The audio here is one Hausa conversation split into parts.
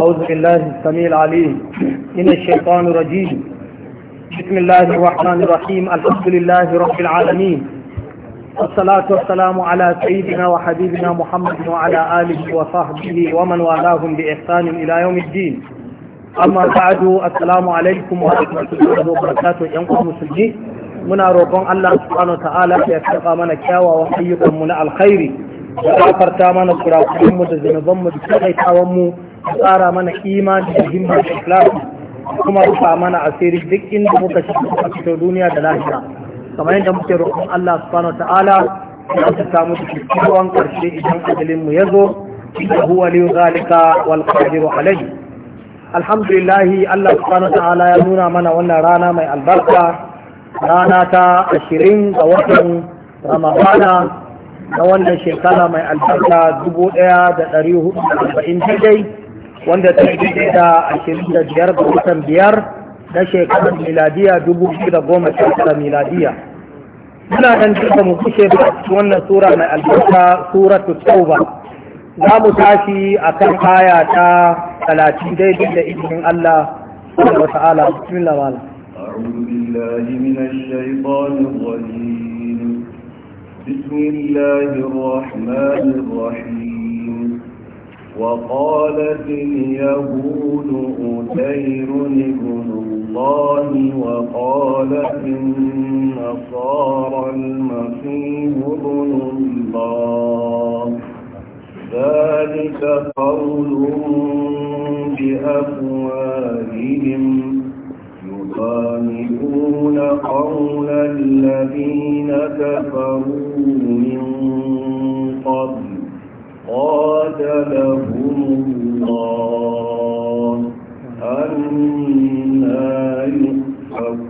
أعوذ بالله السميع العليم من الشيطان الرجيم بسم الله الرحمن الرحيم الحمد لله رب العالمين والصلاة والسلام على سيدنا وحبيبنا محمد وعلى آله وصحبه ومن والاهم بإحسان إلى يوم الدين أما بعد السلام عليكم ورحمة الله وبركاته ينقل المسلمين من روكم الله سبحانه وتعالى يتقى من الكاوى وحيكم من الخير وغفرت من كراكم وزنبم وزنبم Ka tsara mana imani da himma da ikhlasi kuma rufa mana asiri duk inda muka shiga cikin duniya da lafiya kamar yadda muke roƙon Allah subhanahu wa ta'ala ya ta samu cikin karshe idan ajalin mu ya zo huwa li zalika wal qadiru alayhi alhamdulillah Allah subhanahu wa ta'ala ya nuna mana wannan rana mai albarka rana ta ashirin ga watan ramadana na wannan shekara mai albarka dubu ɗaya da ɗari da wanda ta yi da ashirin da biyar da kusan biyar na shekarar miladiya dubu biyu da goma sha tara miladiya muna nan duka mu kushe da wannan sura mai albarka suratu tauba za mu tashi a kan aya ta talatin daidai da izinin Allah subhanahu wa ta'ala bismillah wala أعوذ بالله من الشيطان الرجيم بسم الله الرحمن الرحيم وقالت اليهود أتير ابن الله وقالت النصارى المسيح ابن الله ذلك قول بأفواههم يخالفون قول الذين كفروا من قاتلهم الله أنا يؤفكون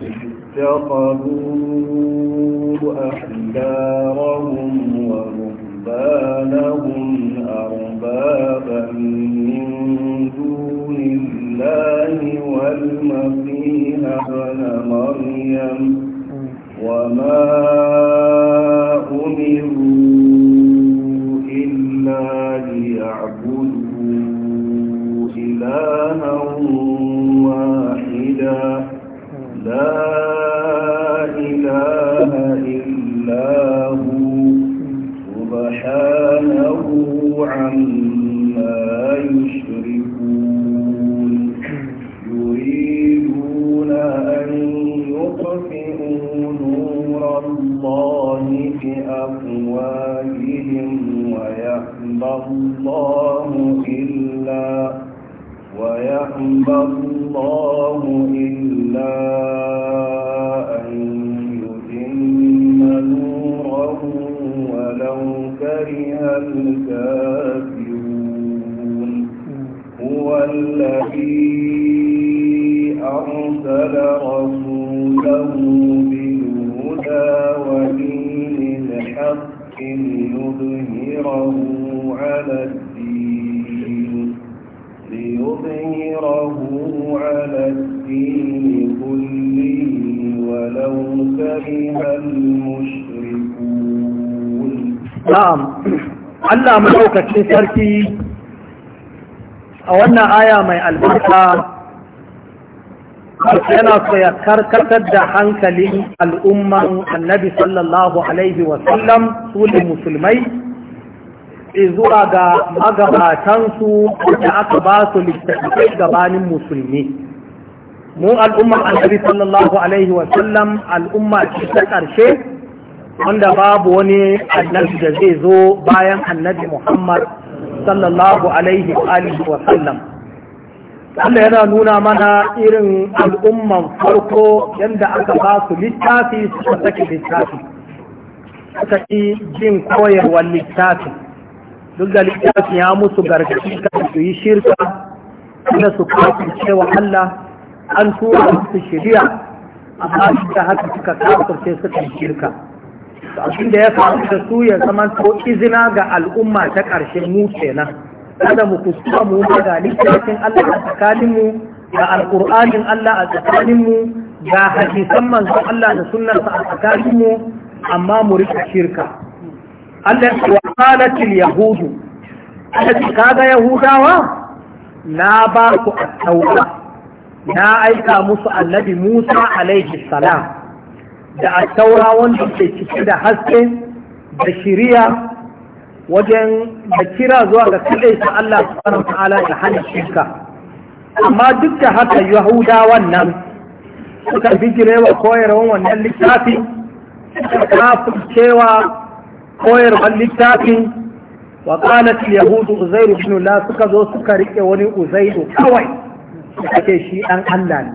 اتخذوا أحجارهم ورهبانهم أربابا من دون الله والمسيح ابن مريم وما maɗaukakin sarki a wannan aya mai albarka yana so ya karkatar da hankalin al'umman annabi sallallahu alaihi wasallam su ne musulmai zuwa ga magabatansu da aka ba su littattafai gabanin musulmi mu al'umman annabi sallallahu alaihi wasallam al'umma ce ta ƙarshe wanda babu wani annabi da zai zo bayan annabi Muhammad sallallahu alaihi wa sallam Allah yana nuna mana irin al'umman farko yadda aka ba su littafi suka sake littafi suka yi jin koyarwar littafi duk da littafi ya musu gargaɗi kan su yi shirka na su kafin cewa Allah an tura su shirya amma shi haka suka sai suka yi shirka abin da ya faru da su ya zama ko izina ga al'umma ta ƙarshe mu kenan kada mu kuskura mu ga littafin Allah a tsakaninmu ga alƙur'anin Allah a tsakaninmu ga hadisan manzon Allah da sunnarsa a tsakaninmu amma mu rika shirka Allah ya qalatil yahudu kaga yahudawa na ba ku at-taura na aika musu annabi Musa alaihi salam da a taura wanda ke cike da haske da shiriya wajen da kira zuwa ga kaɗai ta Allah subhanahu ta'ala da hana shirka amma duk da haka yahudawan nan suka wa koyarwar wannan littafi suka cewa koyarwan littafin wa qalat yahudu uzairu ibn la suka zo suka rike wani uzairu kawai suka ce shi dan Allah ne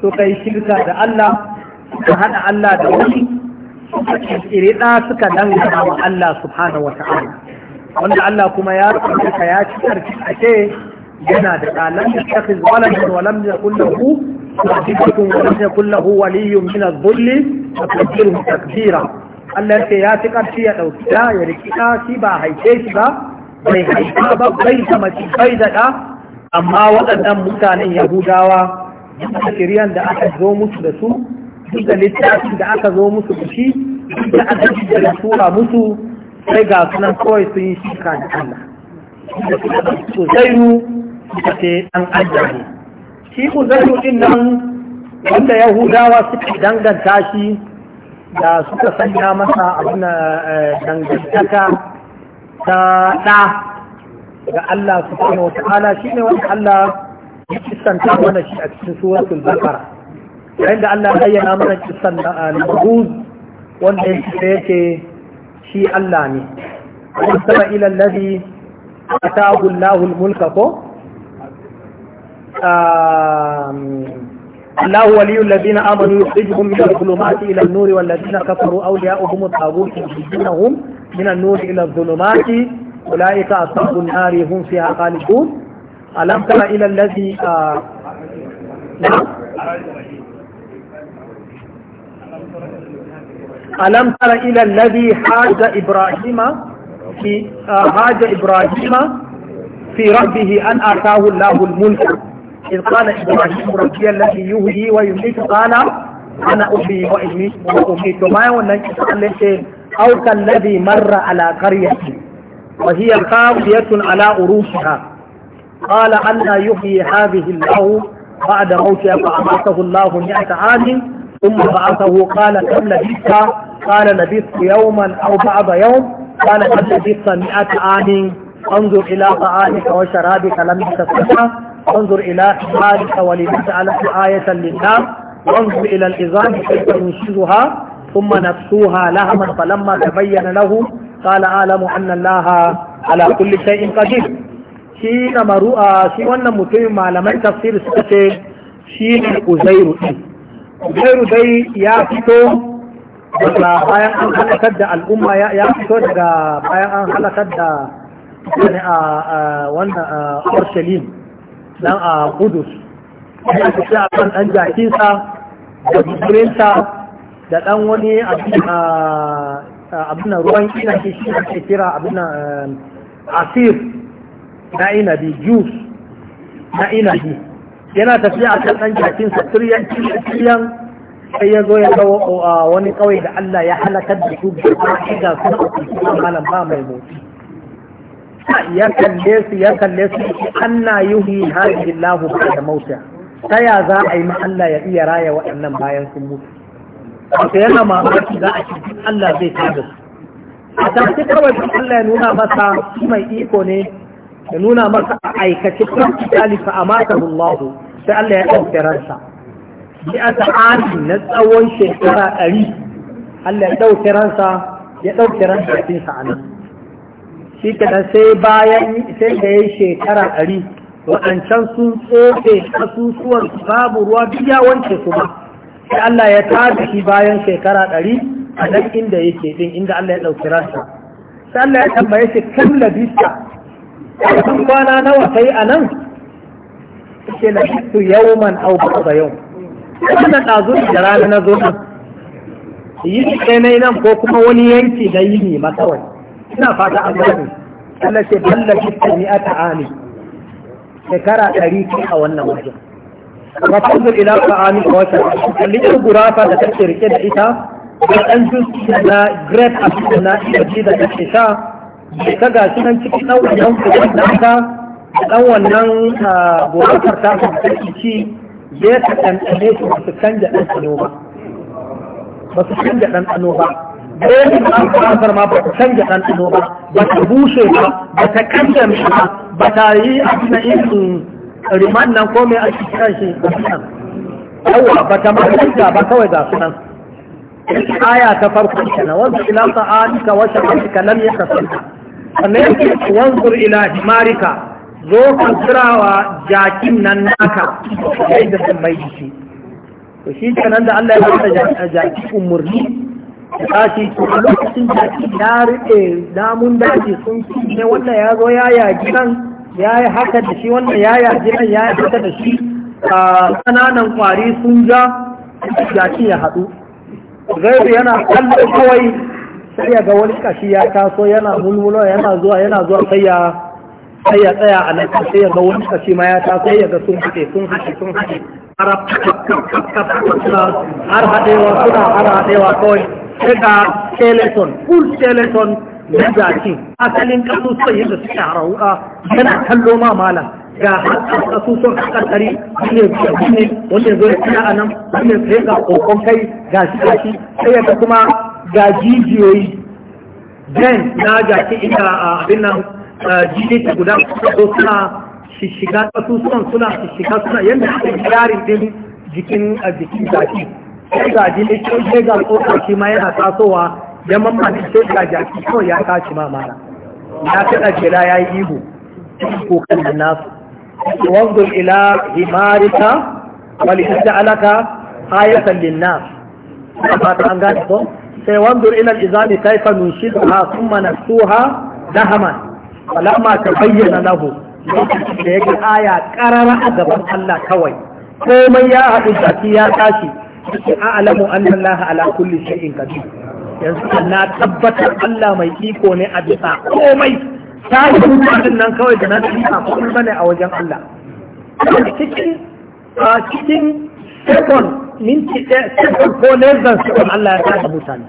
suka yi shirka da Allah suka haɗa Allah da wani suka kirkiri ɗa suka dangana wa Allah subhanahu wa ta'ala wanda Allah kuma ya rubuta ya ci karfi a ce yana da ɗa lam yattakhidh waladan wa lam yakul lahu sadiqatun wa lam yakul lahu waliyyun min adh-dhulli wa takbiruhu takbira Allah ce ya ci karfi ya ɗauki ɗa ya riki ɗa shi ba haife shi ba bai haifa ba bai da mace bai da ɗa amma waɗannan mutanen Yahudawa shiryan da aka zo musu da su da littafin da aka zo musu da shi da aka ji da tura musu sai ga sunan kawai sun yi shika da Allah to zairu suka ce an ajiye shi ku zairu din nan wanda yahudawa suka danganta shi da suka sanya masa abin eh, dangantaka ta ɗa ga Allah subhanahu wa ta'ala shine wanda Allah ya kisanta mana shi a cikin suratul baqara da Allah bayyana mana kisan al-buz wanda yake shi Allah ne wasara ila allazi atahu Allahu al-mulka ko الله ولي الذين آمنوا يخرجهم من الظلمات إلى النور والذين كفروا أولياؤهم الطاغوت يخرجونهم من النور إلى الظلمات أولئك أصحاب النار هم فيها خالدون ألم تر إلى الذي آه ألم تر إلى الذي حاج إبراهيم في آه، حاج إبراهيم في ربه أن آتاه الله الملك إذ قال إبراهيم ربي الذي يهدي ويميت قال أنا أحيي وأميت وأميت وما يولى أو كالذي مر على قرية وهي خاوية على عروشها قال أنا يحيي هذه الله بعد موتها فأماته الله مئة عام ثم بعثه قال كم لبثت قال لبثت يوما أو بعض يوم قال قد لبثت مئة عام انظر إلى طعامك وشرابك لم تستطع انظر إلى حالك ولنجعلك آية للناس وانظر إلى العظام كيف ننشزها ثم نفسوها لهما فلما تبين له قال أعلم أن الله على كل شيء قدير شين مروءة شين shi ما لم تصير tafsir شين ce shi ne uzairu ɗin daga bayan an halakar da al'umma ya fito daga bayan an halakar da ne a wannan Orshalim dan a Kudus ya fito a kan ɗan jakinsa da bukurinsa da ɗan wani abin ruwan inashi shi ake kira abin eh, asir na inabi juice na inabi yana tafiya a kan ɗan jakinsa tiriyan sai ya zo ya kawo wani kawai da Allah ya halakar da su da su da su malam ba mai motsi ya kalle su ya kalle su anna yuhi hadhihi Allahu ba'da mauta ta ya za a yi ma Allah ya iya raya waɗannan bayan sun mutu wato yana mamaki za a ci Allah zai tada su a tafi kawai Allah ya nuna masa shi mai iko ne ya nuna masa a aikace kan talifa amatahu Allah sai Allah ya ɗauke ransa bi a sa'adi na tsawon shekara ɗari Allah ya ɗauki ransa ya ɗauki ransa cikin nan. shi kada sai bayan sai da ya shekara ɗari waɗancan sun tsofe asusuwan babu ruwa biya wance wanke su ba sai Allah ya tada shi bayan shekara ɗari a nan inda yake din inda Allah ya ɗauki ransa sai Allah ya tambaye shi kan labista kun kwana nawa kai a nan yake yau man au ba yau kuma ɗazu da rana na zo nan yi kai na nan ko kuma wani yanki na yi ne matsawai ina fata an gani Allah ce tallafi tsami a ta'ani shekara ɗari ce a wannan wajen mafazu ila ta'ani a wata kallikin gurafa da take rike da ita da ɗan juice na great apple na ibaji da take sha ta gashi nan cikin ɗan wannan kuɗin ɗanka da ɗan wannan ah, gurafar ta kuma ci je ka ɗanɗane su ba su canja ɗanɗano ba ba su canja ɗanɗano ba dole ba su kasar ma ba su canja ɗanɗano ba ba ta bushe ba ba ta canja ba ba ta yi abin irin riman nan ko mai ake kiran shi yawa ba ta ma ba kawai ga su nan aya ta farko kenan wanda ila sa'alika wa shaqatika lam yatasanna sannan yanzu wanzur ila himarika zo ka kirawa jakin nan naka yayin da sun mai shi to shi nan da Allah ya bada jaki umurni da tashi to a lokacin jaki ya rike namun daji sun ci ne wannan ya zo ya yaji nan ya yi haka da shi wannan ya yaji nan ya yi haka da shi ƙananan kwari sun ja jaki ya haɗu gaibu yana kallo kawai sai ya ga wani kashi ya taso yana mulmulo yana zuwa yana zuwa sai ya sai ya tsaya a nan sai ya ga wani kashi ma ya ta sai ya ga sun haɗe sun haɗe sun haɗe har haɗewa suna har haɗewa kawai sai ga skeleton full skeleton na jaki asalin kasusuwan yadda suke harauka yana kallo ma malam ga kasusuwan kakasari wani yanzu ya gine wani zo ya tsaya a nan wani ya ga kokon kai ga shi ga shi sai ya ga kuma ga jijiyoyi jen na jaki inda abin nan Eh, jini guda ko suna shishiga ƙasusuwan suna shishiga suna yadda ake yi yarin din jikin a eh, jikin gashi sai ga jini ko sai ga tsoka shi ma yana tasowa ya mamman sai ga jaki ko ya kashi ma mara ya kaɗa ajiyar ya yi ihu kokan da nasu Wanzu ila himarika wali ta alaka ayatan nasu ba ta an gane ko sai wanzur ila izami kaifa su ha nasuha dahaman falama ta bayyana lahu da ya ga aya karara a gaban Allah kawai komai ya haɗu zaki ya tashi yake a'lamu anna Allah ala kulli shay'in qadir yanzu na tabbatar Allah mai iko ne a bisa komai ta yi mutanen nan kawai da na tsika komai bane a wajen Allah cikin cikin second minti second ko less than Allah ya tada mutane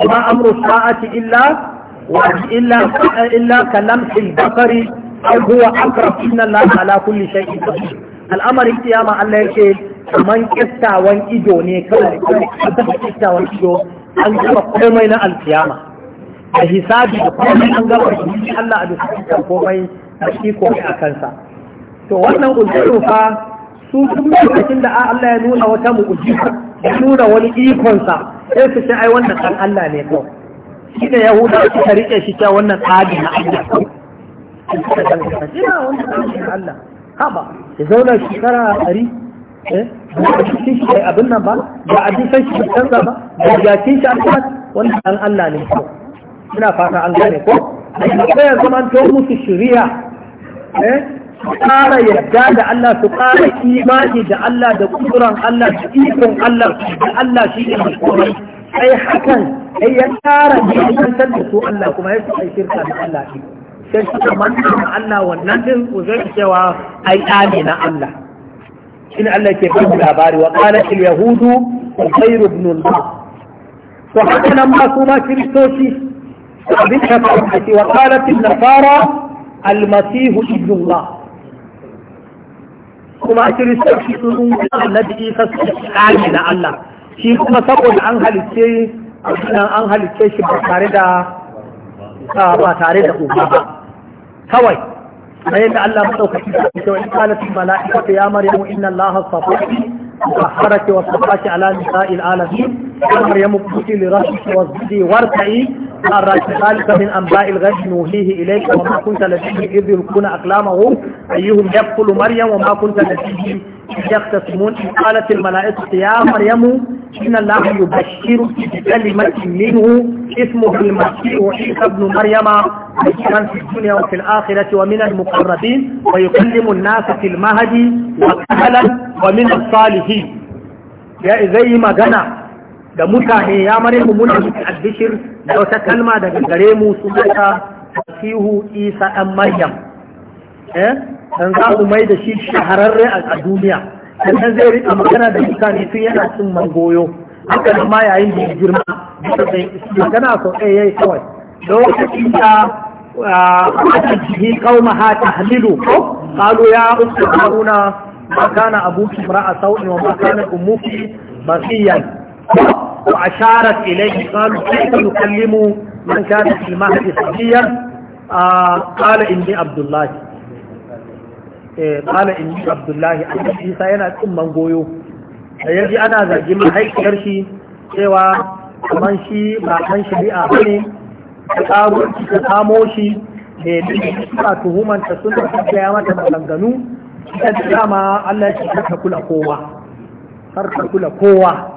amma amru sa'ati illa إلا إلا كلمح البقر هو أقرب إن الله على كل شيء قدير الأمر القيامة الله يشهد من كفتا وان إجو نيكلا كفتا وان إجو أن جمع قومين القيامة الحساب قومين أن جمع إجو الله أدو سكتا قومين تشيكو أكنسا to wannan ujiru fa su sun lokacin da Allah ya nuna wata mu'ujiza ya nuna wani ikonsa sai su ce ai wannan dan Allah ne kawai shi da yahuda suka rike shi ta wannan tsari na Allah haba ya zauna shekara eh, a ɗari shi shi abin nan ba ba a jikin shi canza ba ba jakin shi alfahar wanda an Allah ne ko ina fata an gane ko sai ya zama to musu shari'a eh ƙara yadda da Allah su ƙara imani da Allah da kuduran Allah da ikon Allah da Allah shi ne mai komai sai hakan sai ya tsara jikantar da su Allah kuma ya sai shirka da Allah shi sai suka manta da Allah wannan din ku zai cewa ai dani na Allah shine Allah ke ba mu labari wa qalat al yahudu ubayr ibn al to haka nan ma su ma kristoci abin da ka ce wa qalat al nasara al masih ibn Allah kuma kiristoci sun annabi Isa su dani na Allah shi kuma saboda an halicce an halicce shi ba tare da ba tare da uba ba kawai na yadda Allah madaukaki da ke wa ikalatin ta ya maryamu inna Allah safaki wa haraki wa safaki ala nisa'il alamin ya maryamu kuti li rashi wa zidi warta'i الراجح ذلك من أنباء الغيب نوحيه إليك وما كنت لديه إذ يلقون أقلامه أيهم يقتل مريم وما كنت لديه يقتسمون قالت الملائكة يا مريم إن الله يبشرك بكلمة منه اسمه المسيح عيسى ابن مريم بشرا في الدنيا وفي الآخرة ومن المقربين ويكلم الناس في المهد وكهلا ومن الصالحين يا إذي جنى da mutane ya mare mu muna miki albishir da wata kalma daga gare mu su mata fihu Isa ɗan Maryam eh dan za su mai da shi shahararre a duniya sannan zai rika magana da mutane tun yana cin mangoyo haka ma yayin da ya girma magana sau ɗaya yayi kawai lokacin da أتجه قومها تحمله قالوا يا أخت هارون ما كان أبوك امرأ سوء وما كانت أمك بغيا وأشارت إليه قالوا كيف نكلم من كان في المهد صبيا آه قال إني عبد الله إيه قال إني عبد الله أنا عيسى أنا أم من goyo yaji ana zargin mahaifiyar shi cewa kaman shi ba kan shari'a ba ne ta karo ta samo shi da suna tuhumanta sun da ya mata maganganu ita da dama Allah ya ce kar ta kula kowa kar ta kula kowa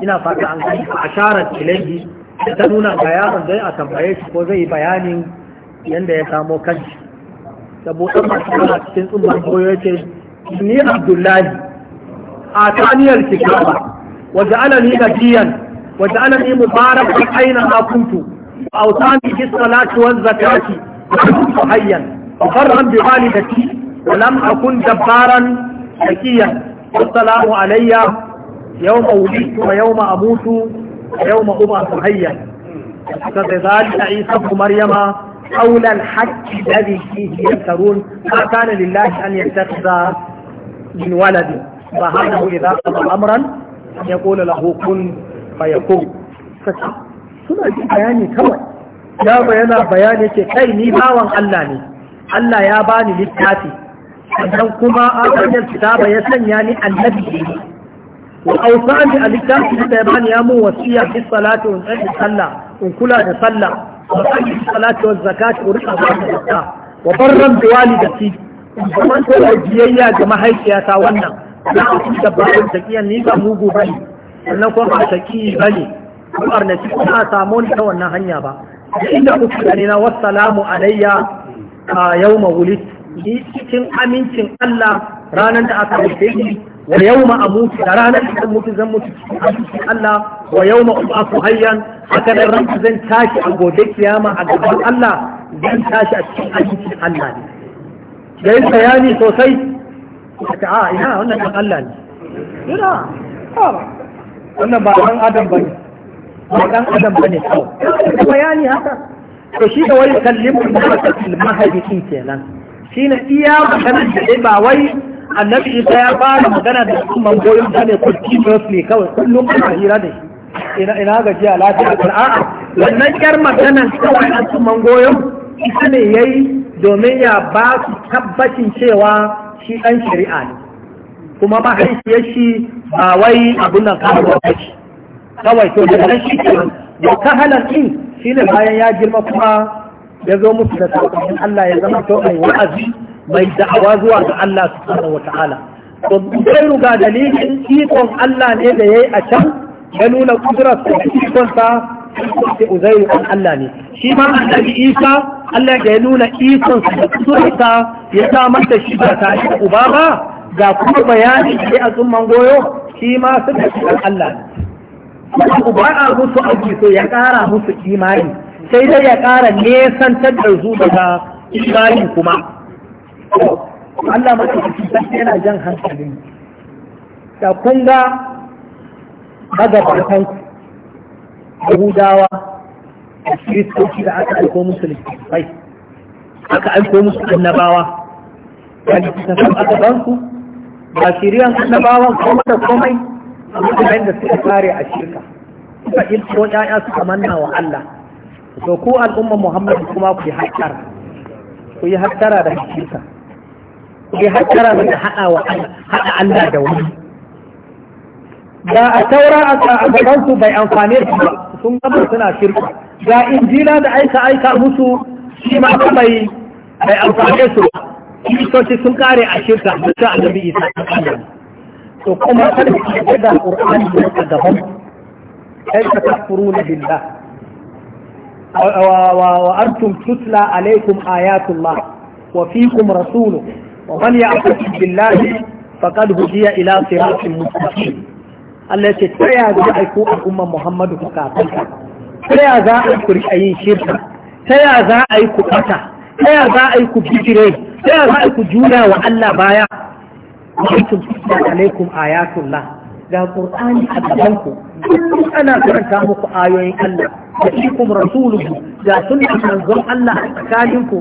ina fata an gani a sharar ilaihi ta nuna ga yaron dai a tambaye shi ko zai bayanin yadda ya samo kanshi saboda masu yana cikin tsumman koyo ce ni abdullahi a taniyar kitaba waja'alani nabiyan waja'alani mubarakan aina ma kuntu أوصاني بالصلاة والزكاة وكنت حيا وبرا بوالدتي ولم أكن جبارا شكيا والسلام علي يوم أولدت ويوم أموت ويوم أبعث حيا فكذلك عيسى ابن مريم قول الحق الذي فيه يفترون ما كان لله أن يتخذ من ولد فهذا إذا قضى أمرا يقول له كن فيكون suna ji bayani kawai yaro yana bayani ce kai ni bawan Allah ne Allah ya bani littafi sannan kuma a wajen kitaba ya sanya ni annabi ne wa ausani a littafin da ya ya mun wasiya fi salati in tsaye sallah in kula da sallah wa tsaye salati wa zakati wa rika ba da zakka wa barran da walidati in zaman ko da biyayya ga mahaifiyata wannan na aiki da bayan takiyan ni ba mugu bane sannan ko ba taki bane ko arnaci ko ba samu ni ta wannan hanya ba inda kuka gani na wassalamu alayya a yawma wulid cikin amincin Allah ranar da aka rufe ni wa yau ma a mutu. da ranar idan mutu zan mutu a cikin Allah wa yau ma yawma ub'athu hayyan haka nan ran zan tashi a gobe kiyama a gaban Allah zan tashi a cikin ayyukan Allah ne yayin bayani sosai ta a ina wannan dan Allah ne ina wannan ba ɗan adam bane ba dan adam bane kawai bayani haka to shi da wani kallimu da mahaifi kenan shi iya maganar da dai ba wai annabi isa ya fara magana da su mangoyin ta ne ne kawai kullum ana hira da shi ina gajiya lafiya a'a wannan kyar maganar kawai a su mangoyin isa ne yi domin ya ba su tabbacin cewa shi ɗan shari'a ne kuma ba ya shi ba wai abin nan kawo ba shi kawai to da ɗan shi ke ya kahalar ɗin shi ne bayan ya girma kuma ya zo musu da saƙonin Allah ya zama to mai wa'azi mai da'awa zuwa ga Allah subhanahu wa ta'ala to sai ruga dalilin ikon Allah ne da yayi a can ya nuna kudrar sa ikon sa sai uzairu an Allah ne shi ma annabi Isa Allah da ya nuna ikon sa da kudrar sa ya samar da shi ba tare da uba ba ga kuma bayani a tsumman goyo shi ma suka shi Allah ne. Uba a musu aji so ya ƙara musu imani sai dai ya ƙara nesantar da zu daga imani kuma Allah shi mafi yana jan hankalin da kun ga magabatan Yahudawa da Kiristoci da aka aiko musu littattafai aka aiko musu annabawa da littattafan aka bansu ba shiriyan annabawan kuma da komai a mutanen da suka kare a shirka suka ilko 'ya'ya suka manna wa Allah to ku al'umma Muhammadu kuma ku yi hakkara ku yi hakkara da hakika ku yi hakkara da haɗa wa haɗa Allah da wani da a taura a gaban su bai amfane su ba sun gaba suna shirka ga injila da aika aika musu shi ma bai bai amfane su ba kiristoci sun kare a shirka da a annabi isa ta kallon to kuma kada ku da qur'ani da gaban kai ka kafuru na billah وأنتم تتلى عليكم آيات الله وفيكم رسوله ومن يعتصم بالله فقد هدي إلى صراط مستقيم التي تريا ذلك الأمة محمد فكاتلك تريا ذلك رشعين شركة تريا ذلك قطع تريا ذلك بجرين تريا ذلك جولا وألا بايا وأنتم تتلى عليكم آيات الله ذا القرآن أدبنكم ana karanta muku ayoyin Allah da ikum rasuluhu da sunan manzon Allah a tsakaninku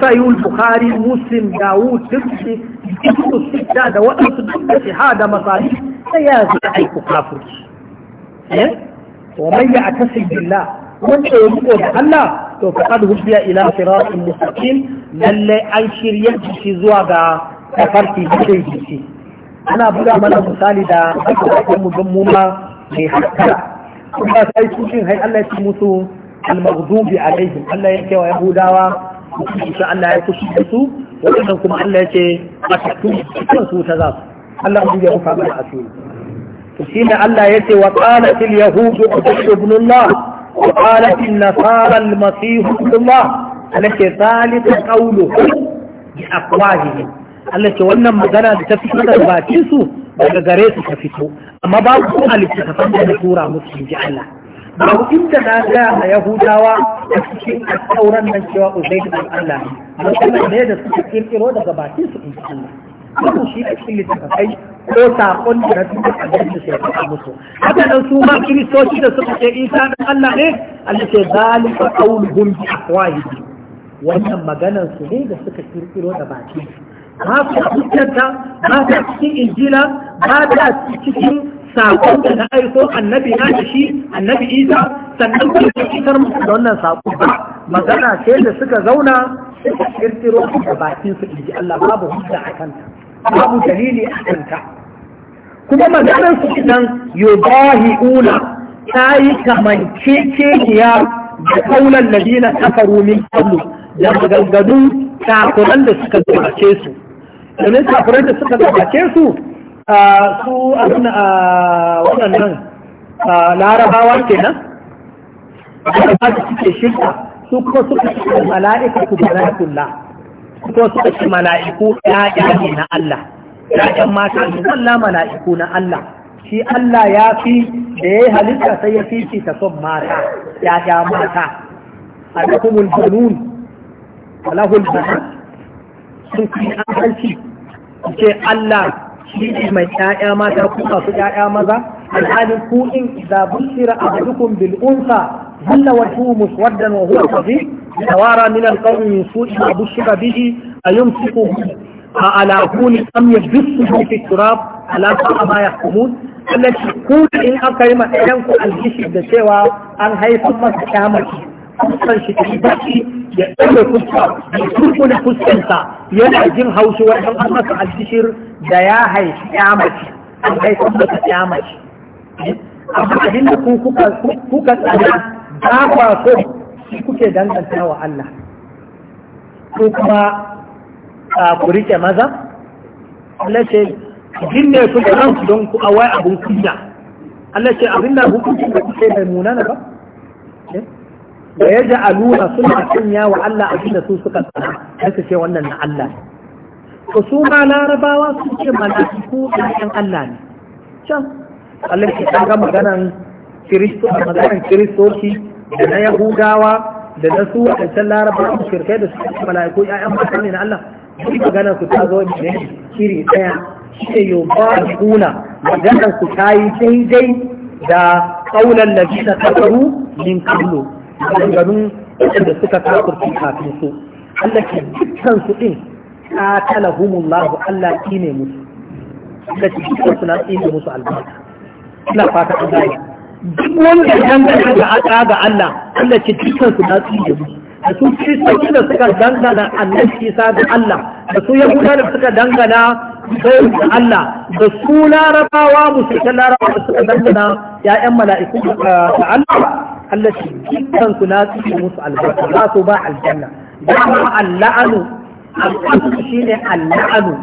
sayul bukhari muslim dawud tirmidhi kutu sita da waɗansu duk da shahada masali sai ya zai aiku kafirci eh wa man ya'tasim billah wanda ya buko da Allah to faqad hudiya ila siratin mustaqim lalle an shirya shi zuwa ga tafarki da shi ana buga mana misali da ake mu don mu ma mai hakkara kuma sai su shin hai Allah ya ci musu al-maghdubi alaihim Allah ya ce wa yahudawa insha Allah ya kushi da su wannan kuma Allah ya ce matattun su ta za su Allah ya rufa mana asiri to shine Allah ya ce wa qalat al yahud ibn Allah wa qalat an nasara al masih ibn Allah alaka zalika qawluhu bi afwahihi Allah ce wannan magana da ta fito daga bakin su daga gare su ta fito amma ba ku a littattafan da na tura musu in ji Allah ba inda na ga a Yahudawa a cikin sauran nan cewa Uzairu dan Allah musamman ne da suka kirkiro daga bakin su in ji Allah wannan shi a cikin littattafai ko saƙon da rasu da abinci shekaru a musu haka nan su ma kiristoci da suka ce isa da Allah ne Allah ce zalika qauluhum bi afwahihi wannan maganar su ne da suka kirkiro da bakin ba su hujjarta ba ta cikin injila ba ta cikin sakon da na aiko annabi na da shi annabi isa sannan kuma ta fitar musu da wannan sako ba magana ce da suka zauna suka kirkiro da bakin su inji Allah babu hujja a kanta babu dalili a kanta kuma maganar su idan yubahi'una ta yi kamanceceniya da kaulan ladina kafaru min qablu da maganganun takuran da suka gabace su domin kafirai da suka gabace su su abin a waɗannan larabawa kenan da ba su suke shirka su kuma suka ce mala'ika su baratullah ko suka ce mala'iku ya ne na Allah ya'yan mata ne walla mala'iku na Allah shi Allah ya fi da ya yi halitta sai ya fi ta son mata ya'ya mata alakumul banun walahul banat sun fi an halci ce Allah shi mai ƴaƴa mata ko masu ƴaƴa maza alhalin ku in idza bushira ahadukum bil unsa zalla wajhu muswaddan wa huwa kadhib tawara min al qawmi min su'i ma bushira bihi ayumsiku ala kuni am yabsuhu fi turab ala sa'a ma yahkumun allaci ku in aka yi ma ɗayan alkishi da cewa an haifar masa kyamaki kusan shi ta yi ya ɗaure fuska ya kurkuna fuskansa yana jin haushi wajen an masa alkishir da ya haifi ya mace an haifar masa ya mace amma abin da kuka tsada ba kwa so shi kuke danganta wa Allah ko kuma ku rike maza Allah ce jinne su da ranku don ku awai abin kunya Allah ce abin da hukuncin da kuke mai munana ba eh? da ya ji ja'aluna suna sanya wa Allah abin da su suka tsara sai ce wannan na Allah to su ma larabawa su ce mala'iku ɗan Allah ne can Allah ke ga maganan kiristo a maganan kiristoci da na yahudawa da na su waɗancan larabawa shirkai da su ce mala'iku 'ya'yan mata ne na Allah duk maganar su ta zo ne shiri ɗaya shi ne yau, ba yubaquna maganar su ta yi daidai da ƙaunar qaulan ladina kafaru min kallo. garin waɗanda suka kafurci kafin su Allah ke dukkan su ɗin humullahu Allah ne musu Allah ke dukkan su na ne musu albarka ina fata an gane duk wanda dangane da aka ga Allah Allah ke dukkan su na ne musu da su kiristoci da suka dangana annabi isa da Allah da su yahuda da suka dangana sai da Allah da su larabawa musulman larabawa da suka dangana ya'yan mala'iku da Allah Allah shi dukkan su na su musu albarka za su ba aljanna dama alla'anu al'adu shine al'anu,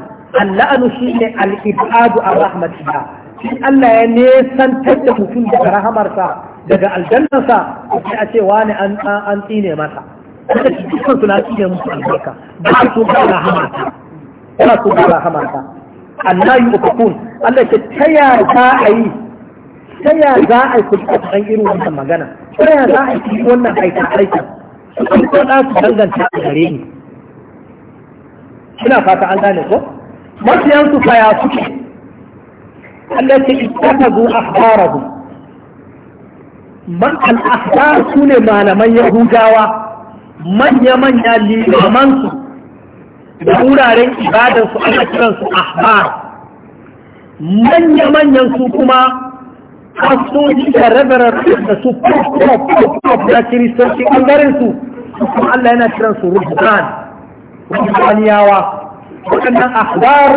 al'anu shine al'ibadu ibadu ar-rahmatillah shi Allah ya nesantar da mutum daga rahamarsa daga aljannarsa sai a ce wani an tsine masa wanda cikin su na cikin musu albarka ba su ga rahamata ba su ga rahamata Allah yi ufakun Allah ce ta ya za a yi ta ya za a yi kuɗi a irin wannan magana ta ya za a yi wannan aikin aikin su kan ko da su danganta a gare ni suna fata an gane ko Masu su fa ya suke Allah ce ta ittakazu ahbarahu man al-ahbar ne malaman yahudawa manya-manya limamansu da wuraren ibadansu ana kiransu ahbar manya-manyan su kuma kasoji da rabarar da su kiristanci. kiristoci ɓangaren su kuma Allah yana kiransu rubutan rubutaniyawa waɗannan ahbar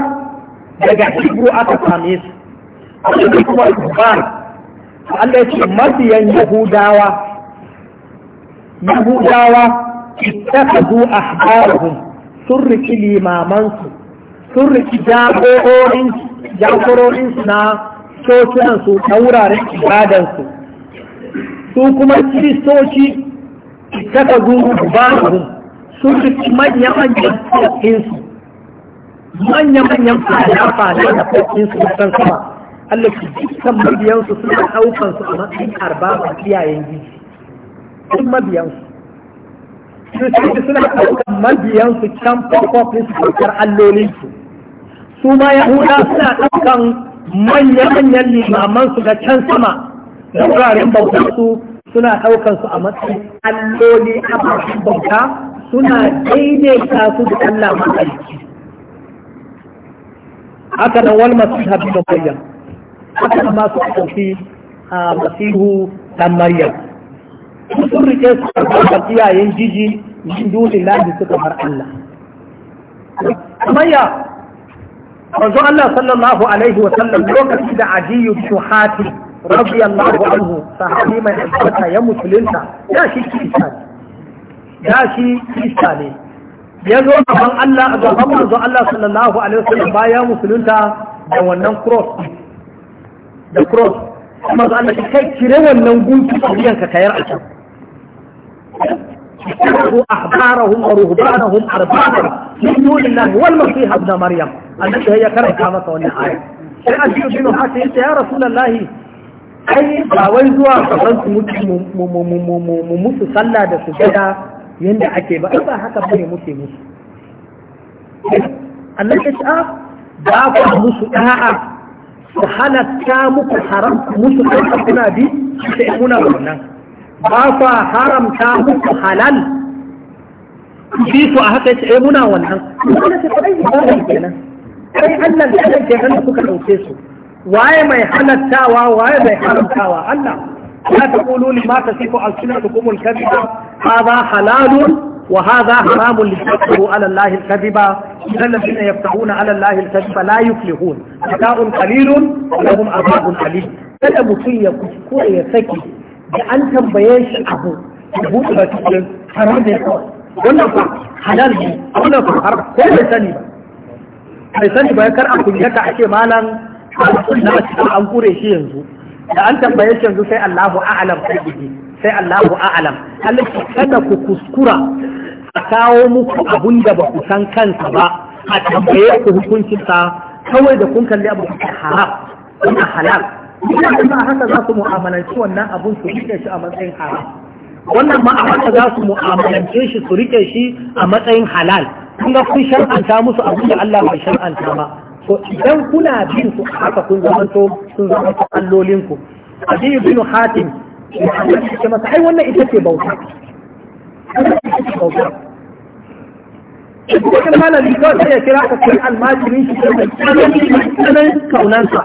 daga hebrew aka same su waɗannan kuma rubutan Allah ya ce mafiyan yahudawa yahudawa ittakhadhu ahbarahum sun riki limamansu sun riki jagororinsu na cocinansu na wuraren ibadansu su kuma kiristoci ittakhadhu ahbarahum sun riki manya-manyan tsofinsu manya-manyan fada-fada da tsofinsu da san sama Allah su dukkan mabiyansu suna ɗaukansu a matsayin arba a iyayen gidi duk mabiyansu kiristoci suna ɗaukar mabiyansu can farkofin su ɗaukar allolinsu su ma yahuda suna ɗaukar manya-manyan limamansu ga can sama da wuraren bautarsu suna ɗaukar su a matsayin alloli ababen bauta suna daidaita su da Allah mahalicci haka nan wal masiha bin maryam haka masu ɗauki a ah, masihu dan maryam sun rike su karɓar iyayen jiji min duni lahi suka bar Allah kamaya manzo Allah sallallahu alaihi wa sallam lokacin da ajiyu shuhati radiyallahu anhu sahabi mai albarka ya musulunta ya shi kisa ya shi kisa ne ya zo gaban Allah a gaban manzo Allah sallallahu alaihi wa sallam bayan musulunta da wannan cross da cross manzo Allah kai cire wannan gunki a wuyanka yar a can اتخذوا أحبارهم ورهبانهم أربابا من دون الله والمسيح ابن مريم التي هي كره كامة والنهاية sai an cikin haka yace ya rasulullahi ai ba wai zuwa kasan su mu musu sallah da su gada yanda ake ba ba haka bane muke musu Allah ya ta ba ku musu da'a su halatta muku haram musu kuma kuna bi sai muna wannan ba kwa haramta musu halal shi su a haka ce eh, muna wannan kai Allah da kake nan kuka dauke su waye mai halattawa waye mai haramtawa Allah la taqulu lima tasifu al-sinatukum al-kadhiba hadha halalun وهذا حرام لتفتروا على الله الكذب إن الذين يفترون على الله الكذب لا يفلحون متاع قليل ولهم عذاب أليم kada mutum ya kuskure ya saki da an tambaye shi abu da buɗe da cikin haram ne kawai wannan ba halal ne wannan ba haram ko bai sani ba bai sani ba kar a kunyata a ce malam na cikin an kure shi yanzu da an tambaye shi yanzu sai Allahu a'lam sai biki sai Allahu a'lam Allah ki kada ku kuskura a kawo muku abun da ba ku san kansa ba a tambaye ku hukuncin sa kawai da kun kalli abu haram wannan halal Ina da haka za su mu'amalanci wannan abun su rike shi a matsayin haram. Wannan ma a haka za su mu'amalance shi su rike shi a matsayin halal. Kun ga kun shar'anta musu abin da Allah bai shar'anta ba. To idan kuna bin su haka kun zamanto sun zamanto allolinku. Abi bin Hatim ya masa ai wannan ita ce bauta. Ita ce malami kawai sai ya kira Al-Qur'an, ka kai almajirin shi da kaunansa.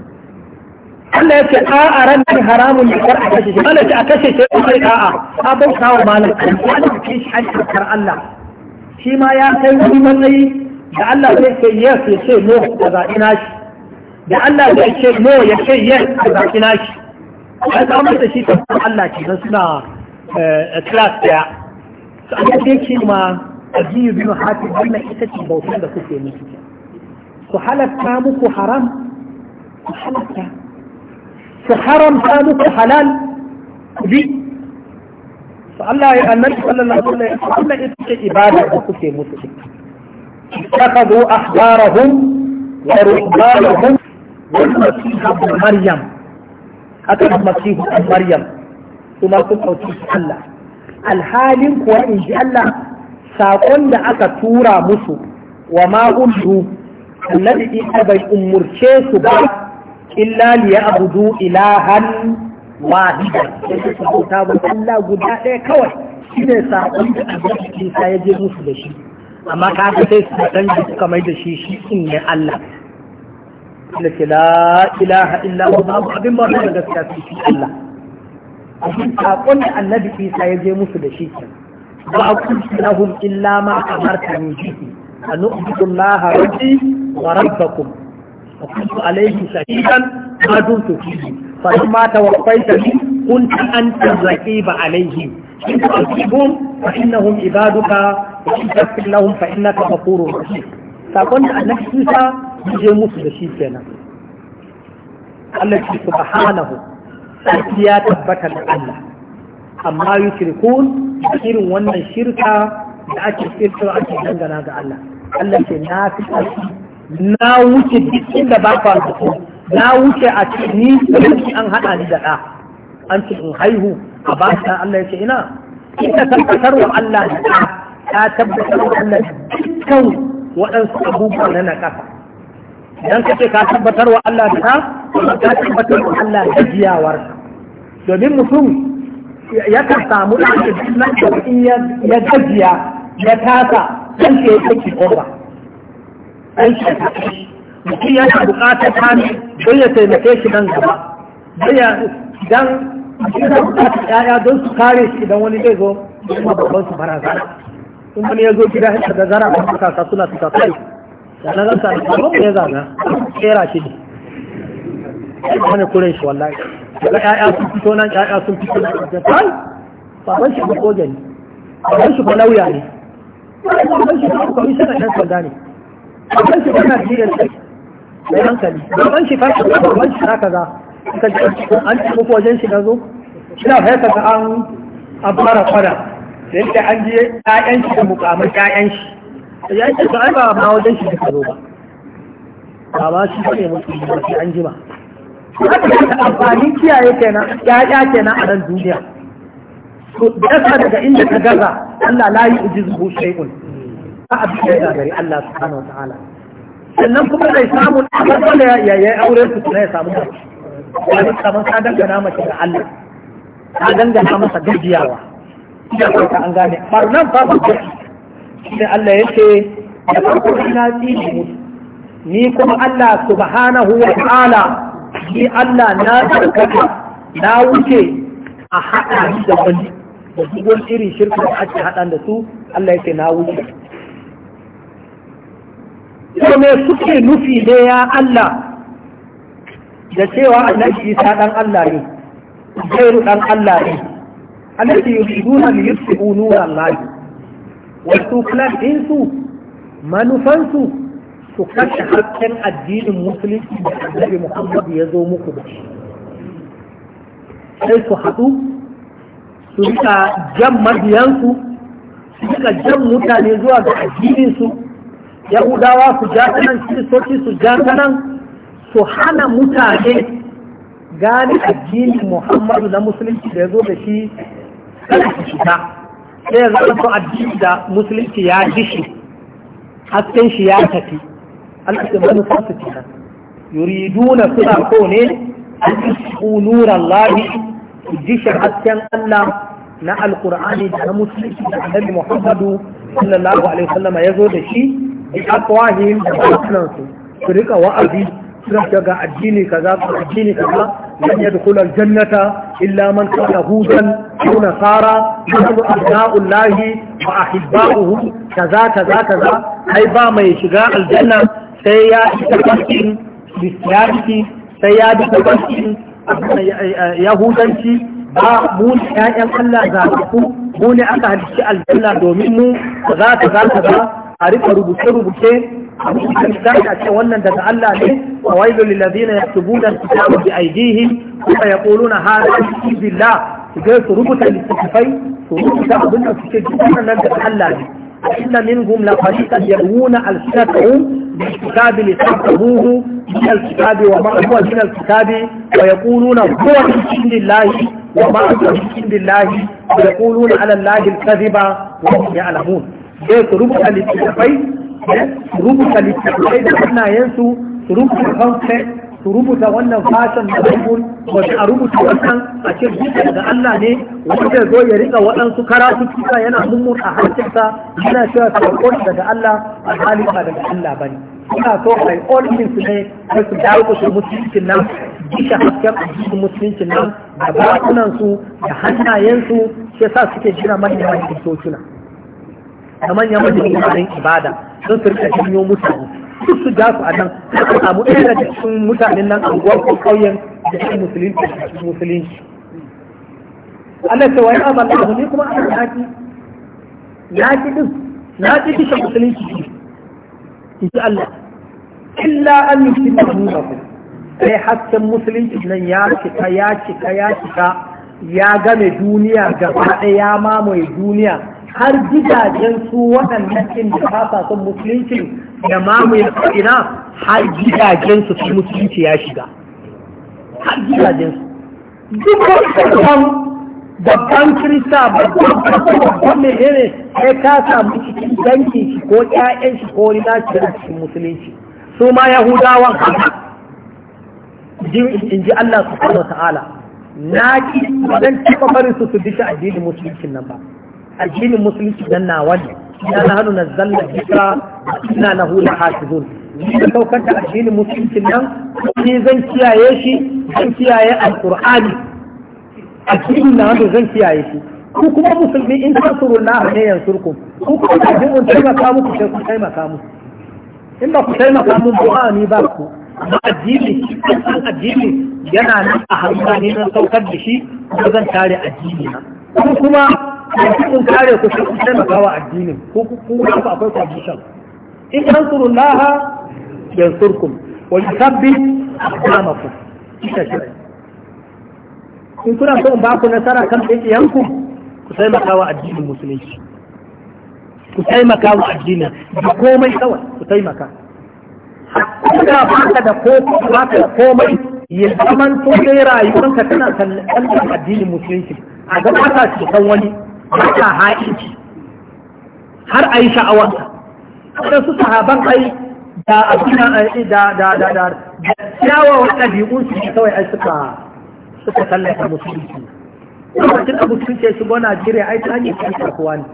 Allah ya ce a'a ran nan haramun ne kar a kashe shi Allah ce a kashe shi sai a'a a bauta wa malam Allah ce shi an kar Allah shi ma ya kai wani matsayi da Allah zai ce yes ya ce no a zaɓi nashi da Allah zai ce no ya ce yes a zaɓi nashi an samar da shi ta Allah ke nan suna class daya su an yadda ce ma ajiyu biyu hati wannan ita ce bautar da kuke miki ku halatta muku haram ku halatta su haramta ta halal ku bi su Allah ya annabi sallallahu alaihi wa sallam ya tace ibada da kuke musu takadu ahbarahum wa ruhbanahum wa masih ibn maryam aka masih ibn maryam kuma kun dauki Allah alhalin kuwa in ji Allah saƙon da aka tura musu wa ma'ulhu alladhi ibai umurce su ba illa liya'budu ilahan wahidan sai su bauta ba Allah guda ɗaya kawai shi ne sakon da annabi Isa ya je musu da shi amma ka ga sai su san shi mai da shi shi in ne Allah Allah ilaha illa Allah abin ba da gaskiya shi Allah abin da annabi Isa ya je musu da shi ba وكنت عليه شهيدا ما دمت فيه فلما توفيتني كنت أنت الرقيب عليهم إن تعذبهم فإنهم عبادك وإن تغفر لهم فإنك غفور رحيم فكنت أنك سيسا يجي موسى بشي كنا التي سبحانه تأتيا تبتا لله أما يشركون يشير وانا شركة da ake kirkiro ake dangana ga Allah Allah ce na fi ƙarfi na wuce duk inda ba kwa zato na wuce a ce ni sarki an haɗa ni da ɗa an ce in haihu a ba ta Allah ya ce ina ina tabbatar wa Allah da ɗa ta tabbatar wa Allah da dukkan waɗansu abubuwa na na ƙasa idan ka ce ka tabbatar wa Allah da ɗa ka tabbatar wa Allah da jiyawar domin mutum yakan samu ɗan da in ya gajiya ya tasa ɗan ke ya ce ki ƙofa aiki a mutum yana buƙatar kami don ya taimake shi nan gaba don ya dan mutum yana ƴaƴa don su kare shi idan wani zai zo kuma babban su in wani ya zo gida ya ga zara a kasa suna su kai da na zanta da babban ya zaga kera shi ne wani kuren shi wallahi daga ƴaƴa sun fito nan sun fito nan baban shi ba soja baban shi ba lauya ne shi ne baban shi kana jiran shi mai hankali baban shi farko baban shi haka za ka ji an ci muku wajen shi na zo ina haika ka an an fara Sai da an je ƴaƴan shi da mukamai ƴaƴan shi ya ce ka ai ba ma wajen shi da ka zo ba ba ma shi ne mutum ba sai an jima amfani kiyaye kenan ƴaƴa kenan a nan duniya to da daga inda ka gaza Allah la yi ujizu shay'un ba a biya yana gari Allah subhanahu wa ta'ala sannan kuma zai samu ɗan ya yi aure su tuna ya samu mace wani kamar ta dangana mace da Allah ta dangana masa gajiyawa ina ka an gane barnan fa ba ta sai Allah ya ce da farko ina tsini mutu ni kuma Allah subhanahu wa ta'ala ni Allah na tsarkaka na wuce a haɗa da wani da duk wani irin shirka da ake haɗa da su Allah ya ce na wuce ko me suke nufi ne ya Allah da cewa annabi Isa dan Allah ne Zairu dan Allah ne annabi yusiduna li yusbihu nura Allah wasu plan din su manufan su su kashe hakkin addinin musulunci da annabi Muhammad ya zo muku da shi sai su haɗu su rika jan mabiyansu su rika jan mutane zuwa ga su. yahudawa su ja ta nan kiristoci su ja ta nan su hana mutane gane addinin muhammadu na musulunci da ya zo da shi kada su shiga sai ya zama su addini da musulunci ya gishi hasken shi ya tafi Allah ya manufa su kenan yuriduna suna ko ne ku nuran lahi su jishin hasken Allah na alkur'ani da na musulunci da annabi Muhammadu sallallahu alaihi wasallam ya zo da shi bi afwahihim da bakunan su su rika wa'azi suna daga addini kaza ko addini kaza lan yadkhulul jannata illa man kana hudan aw nasara yaqulu abna'ullahi wa ahibbahu kaza kaza kaza ai ba mai shiga aljanna sai ya isa bakin kristiyanci sai ya bi bakin eh, yahudanci ba mu ne ƴaƴan Allah ku mu ne aka halicci aljanna domin mu kaza kaza kaza a rika rubuce-rubuce a cikin a ce wannan daga Allah ne a wailul lillazina yaktubuna kitaba bi aydihim kuma yaquluna hadha min billah ga su rubuta littattafai su rubuta abin da suke cikin nan daga Allah ne inna minhum la fariqan yalwuna al-shata'u bi kitabi litafqahuhu min al-kitabi wa ma huwa min al-kitabi wa yaquluna huwa min indillahi wa ma huwa min indillahi wa yaquluna ala allahi al-kadhiba wa hum ya'lamun sai eh, su rubuta littattafai eh, su rubuta littattafai da hannayensu su rubuta su rubuta wannan fashion da baibul wata a rubuta wannan a ce duka da Allah ne wanda zo ya rika waɗansu karatu cika yana mummun a hancinsa yana cewa saƙon daga Allah a halin daga Allah bane suna so kai all things ne kai su dawo su nan duka hasken addinin mutuncin nan da bakunan su da hannayen su shi yasa suke jira manyan manyan sokina da manyan majalisun ibada don su rika janyo mutane duk su ja su a nan su samu ɗaya da cikin mutanen nan anguwar ko ƙauyen da ke musulunci da cikin musulunci Allah ta wani ya ba Allah ne kuma a yi haƙi ya ci duk na ci kishin musulunci in ji Allah illa an yi nuna ku sai hasken musulunci nan ya cika ya cika ya cika ya game duniya gaba ɗaya ya mamaye duniya har gidajen su waɗannan ɗin da ba sa son musulunci da mamaye ina har gidajen su su musulunci ya shiga har gidajen su duk wani babban kirista babban kasa babban menene sai ka samu cikin danki shi ko ƴaƴan shi ko wani shi da cikin musulunci su ma yahudawan haka in ji Allah subhanahu wa ta'ala na ki zan taɓa barin su su dishe addinin musulunci nan ba addinin musulunci nan na wani ina na hannu na zalla jikra ina na hula hasibun ni da saukar da addinin musulunci nan ni zan kiyaye shi zan kiyaye alqur'ani addinin na hannu zan kiyaye shi ku kuma musulmi in tansurullah ne yansurkum ku kuma da kun taimaka muku sai ku taimaka muku in ba ku taimaka mun ba ni ba ku amma addini kan addini yana nan a hankali na saukar da shi ko zan tare addini na kuma yanzu kun kare ku sai kun taimaka wa addinin ko kun ku akwai condition in Laha tansurullaha yansurkum wa yusabbit aqdamakum ita shi in kuna so in ba ku nasara kan 'yanku? ku taimaka wa addinin musulunci ku taimaka wa addinin da komai kawai ku taimaka kuna baka da baka da komai ya zaman to dai rayuwarka tana kallon addinin musulunci a ga ba ta cikin wani ba ta ha'inci har a yi sha'awarsa waɗansu sahaban ai da abina da da da da kyawawan ɗabi'unsu ne kawai ai suka suka tallata musulunci lokacin da musulunci ya shigo Najeriya ai ta hanyar ƴan kasuwa ne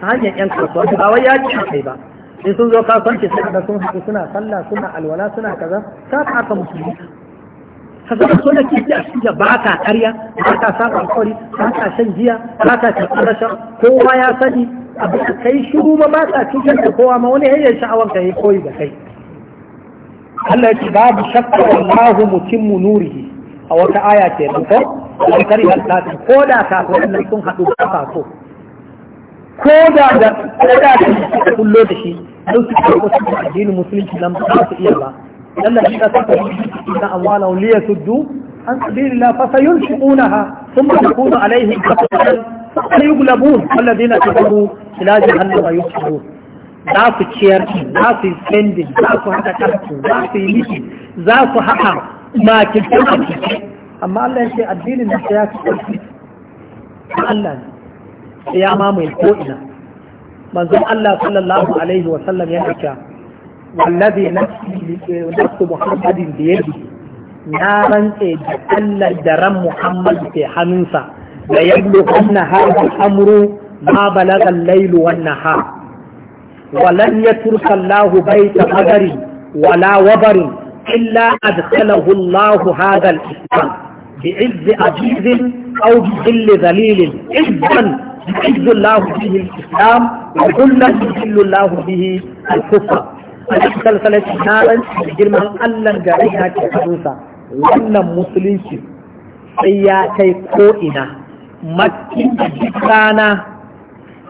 ta hanyar ƴan kasuwa ba wai ya ci kai ba in sun zo kasuwanci sai da sun haɗu suna sallah suna alwala suna kaza ta ka aka musulunci ka zama so da ke da ba ka karya ba ka saba alƙawari ba ka shan jiya ba ka tafi rashin kowa ya sani abu da kai shiru ma ba ka cikin da kowa ma wani hanyar sha'awar ka ya koyi da kai Allah ya ce babu shakka mutum mu nurihi a wata aya ce nan ko alkar ya ko da ka ko nan sun haɗu ba ka ko da da ko da da kullo da shi duk da wasu addinin musulunci nan ba su iya ba الذين كفروا أموالهم ليسدوا عن سبيل الله فسينشئونها ثم تكون عليهم كفرا فيغلبون الذين كفروا إلى جهنم يحشرون za su ciyar za su yi spending za su haɗa ƙarfi za su yi miki za su haɗa makin amma Allah ya ce addinin da ya fi ƙarfi Allah ne ya mamaye ina manzon Allah sallallahu alaihi wa sallam ya ce والذي نفس محمد بيده نارا تجعل درم محمد في حنوسا ليبلغن هذا الامر ما بلغ الليل والنهار ولن يترك الله بيت قدر ولا وبر الا ادخله الله هذا الاسلام بعز عزيز او بذل ذليل عزا يعز الله به الاسلام وكل يذل الله به الكفر alaihi sallallahu na rantsi girman Allah ga ina ke kadusa wannan musulunci sai ya kai ko ina makin da duk rana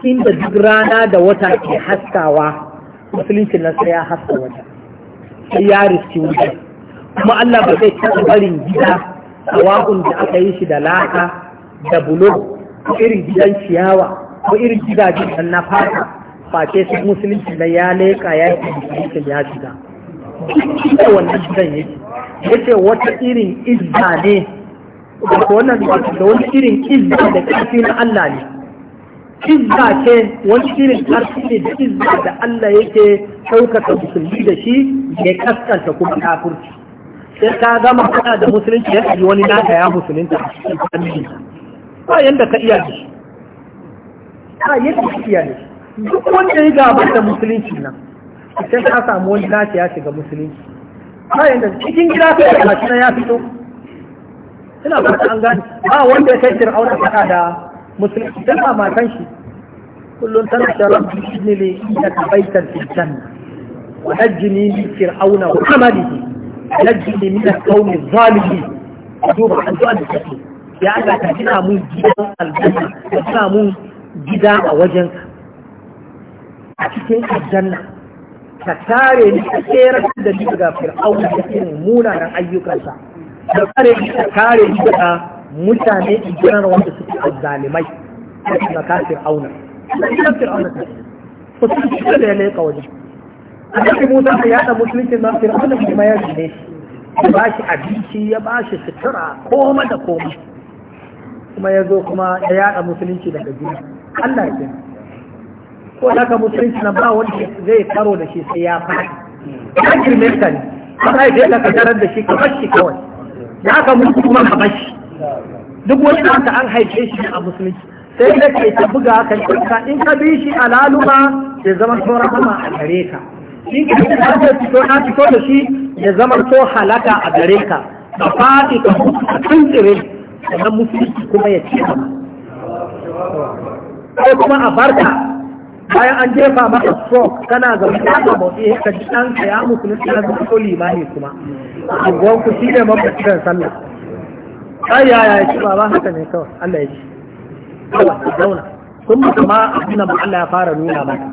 inda duk rana da wata ke haskawa musulunci na sai ya haska wata sai ya riski wuta kuma Allah ba zai taɓa barin gida sawa'un da aka yi shi da laka da bulo ko irin gidan ciyawa ko irin gidajen na fata face su musulunci da ya leƙa ya yi musulunci ya shiga da wannan zan yake ya ce wata irin izza ne da wannan da wani irin izza da ƙarfi na Allah ne izza ce wani irin ƙarfi ne da izza da Allah yake ɗaukaka musulmi da shi ya kaskanta kuma kafurci sai ka gama kana da musulunci ya yi wani naka ya musulunta a cikin ba yanda ka iya ne ba yadda ka iya ne duk wanda ya gaba da musulunci nan idan ka samu wani nashi ya shiga musulunci bayan da cikin gida ka da na ya fito Suna fata an gane ba wanda ya kai fir'auna fada da musulunci dan ba matan shi kullum tana sharar ne ne inda ka baitar fil janna wa najjini li fir'auna wa amalihi najjini ne na kaunin adh-dhalimin duba zuwa da take ya Allah ka gina mun gidan aljanna ka gina mun gida a wajen a cikin aljanna ta tare ni a tsere da ni daga fir'auna da irin munanan ayyukansa da tsare ni ta tare ni da mutane ijiran wanda suke azzalimai da kuma ka fir'auna da fir'auna ta ko su da ya leka waje cikin Musa ta yada musulunci ma fir'auna kuma ya ne ya ba shi abinci ya ba shi sutura koma da koma kuma ya zo kuma ya yada musulunci daga gida Allah ya ko da ka musulunci na ba wanda zai karo da shi sai ya faɗi ya girme ka ne an haife ka ka tarar da shi ka bashi kawai ya ka mutu kuma ka bashi, duk wani da an haife shi a musulunci sai da ke ta buga kan ka in ka bi shi a laluma ya zama sauran hama a gare ka in ka bi da fito na fito da shi ya zama so halaka a gare ka ka faɗi ka a kan tsire sannan musulunci kuma ya ce ko kuma a barka bayan an jefa maka stroke kana mutum kana motsi ka ji dan ka ya mutu na zuwa ko limani kuma abuwan ku shi ne mabacin sallah ai ya ya ci baba haka ne kawai Allah ya ji kawai zauna sun mutu ma abin da Allah ya fara nuna maka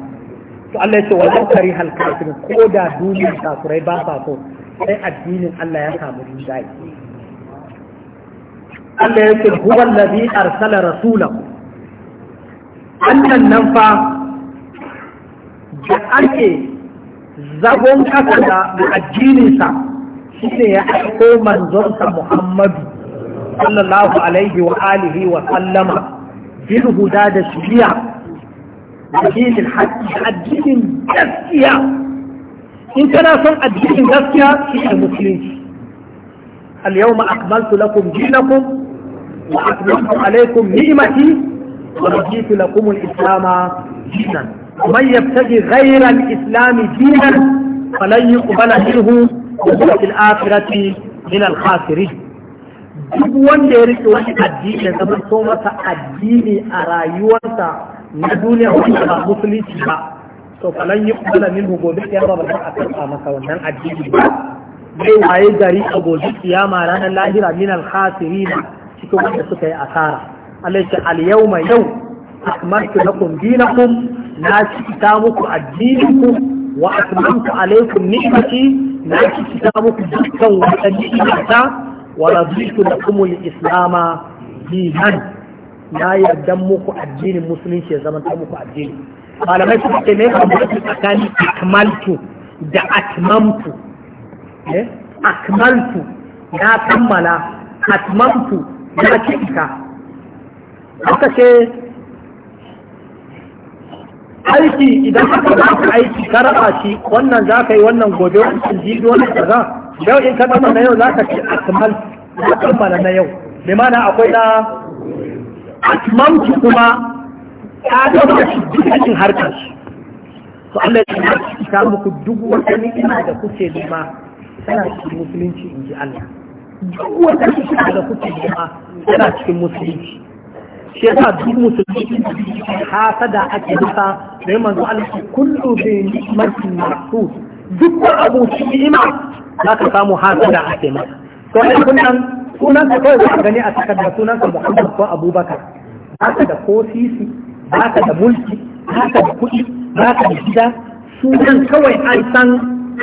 to Allah ya ce wa zan kari hal ko da duniyar kafirai ba sa so sai addinin Allah ya samu rinjaye Allah ya ce huwa arsala rasulahu annan nan fa da ake zagon kasa da addininsa shi ne ya aiko manzonsa Muhammadu sallallahu alaihi wa alihi wa sallama bil huda da shiriya da haƙƙi addinin gaskiya in kana son addinin gaskiya shi ne musulunci اليوم أكملت لكم دينكم وأكملت عليكم نعمتي ورضيت لكم الإسلام دينا man yabtaji ghayra al-islam dinan falan yuqbala minhu wa huwa fil akhirati min al-khasirin duk wanda ya rike wani addini da zama so masa addini a rayuwarsa na duniya wanda ba musulunci ba to falan yuqbala minhu gobe ya ba za a karɓa masa wannan addini ba zai waye gari a gobe kiyama ranar lahira min al-khasirin cikin wanda suka yi asara Allah ya yau mai yawma yau akmaltu lakum dinakum na cika muku addininku wa atmamtu alaikum ni'mati na cika muku dukkan wata ni'imata wa raditu lakum al-islama dinan na yarda muku addinin musulunci ya zama ta muku addini malamai suka ce ne kamar tsakanin akmaltu da atmamtu akmaltu na kammala atmamtu na cika aka aiki idan aka ba aiki ka raba shi wannan za ka yi wannan gobe wancan jibi wani kaza yau in ka gama na yau za ka ci akmal za ka kammala na yau bi mana akwai na ki kuma ya gama shi dukkan harkar shi to Allah ya ci ta muku duk wata ni'ima da kuke nema tana cikin musulunci in ji Allah duk wata ni'ima da kuke nema tana cikin musulunci shi yasa duk musulmi hasada ake nisa da yamma zuwa alki kullu bi ni'mati marfu duk wani abu shi ni'ima za ka samu da ake masa to ai kunnan, sunan ka kai za gani a takarda sunan ka Muhammad ko Abubakar haka da ko sisi haka da mulki haka da kuɗi haka da gida sunan kawai an san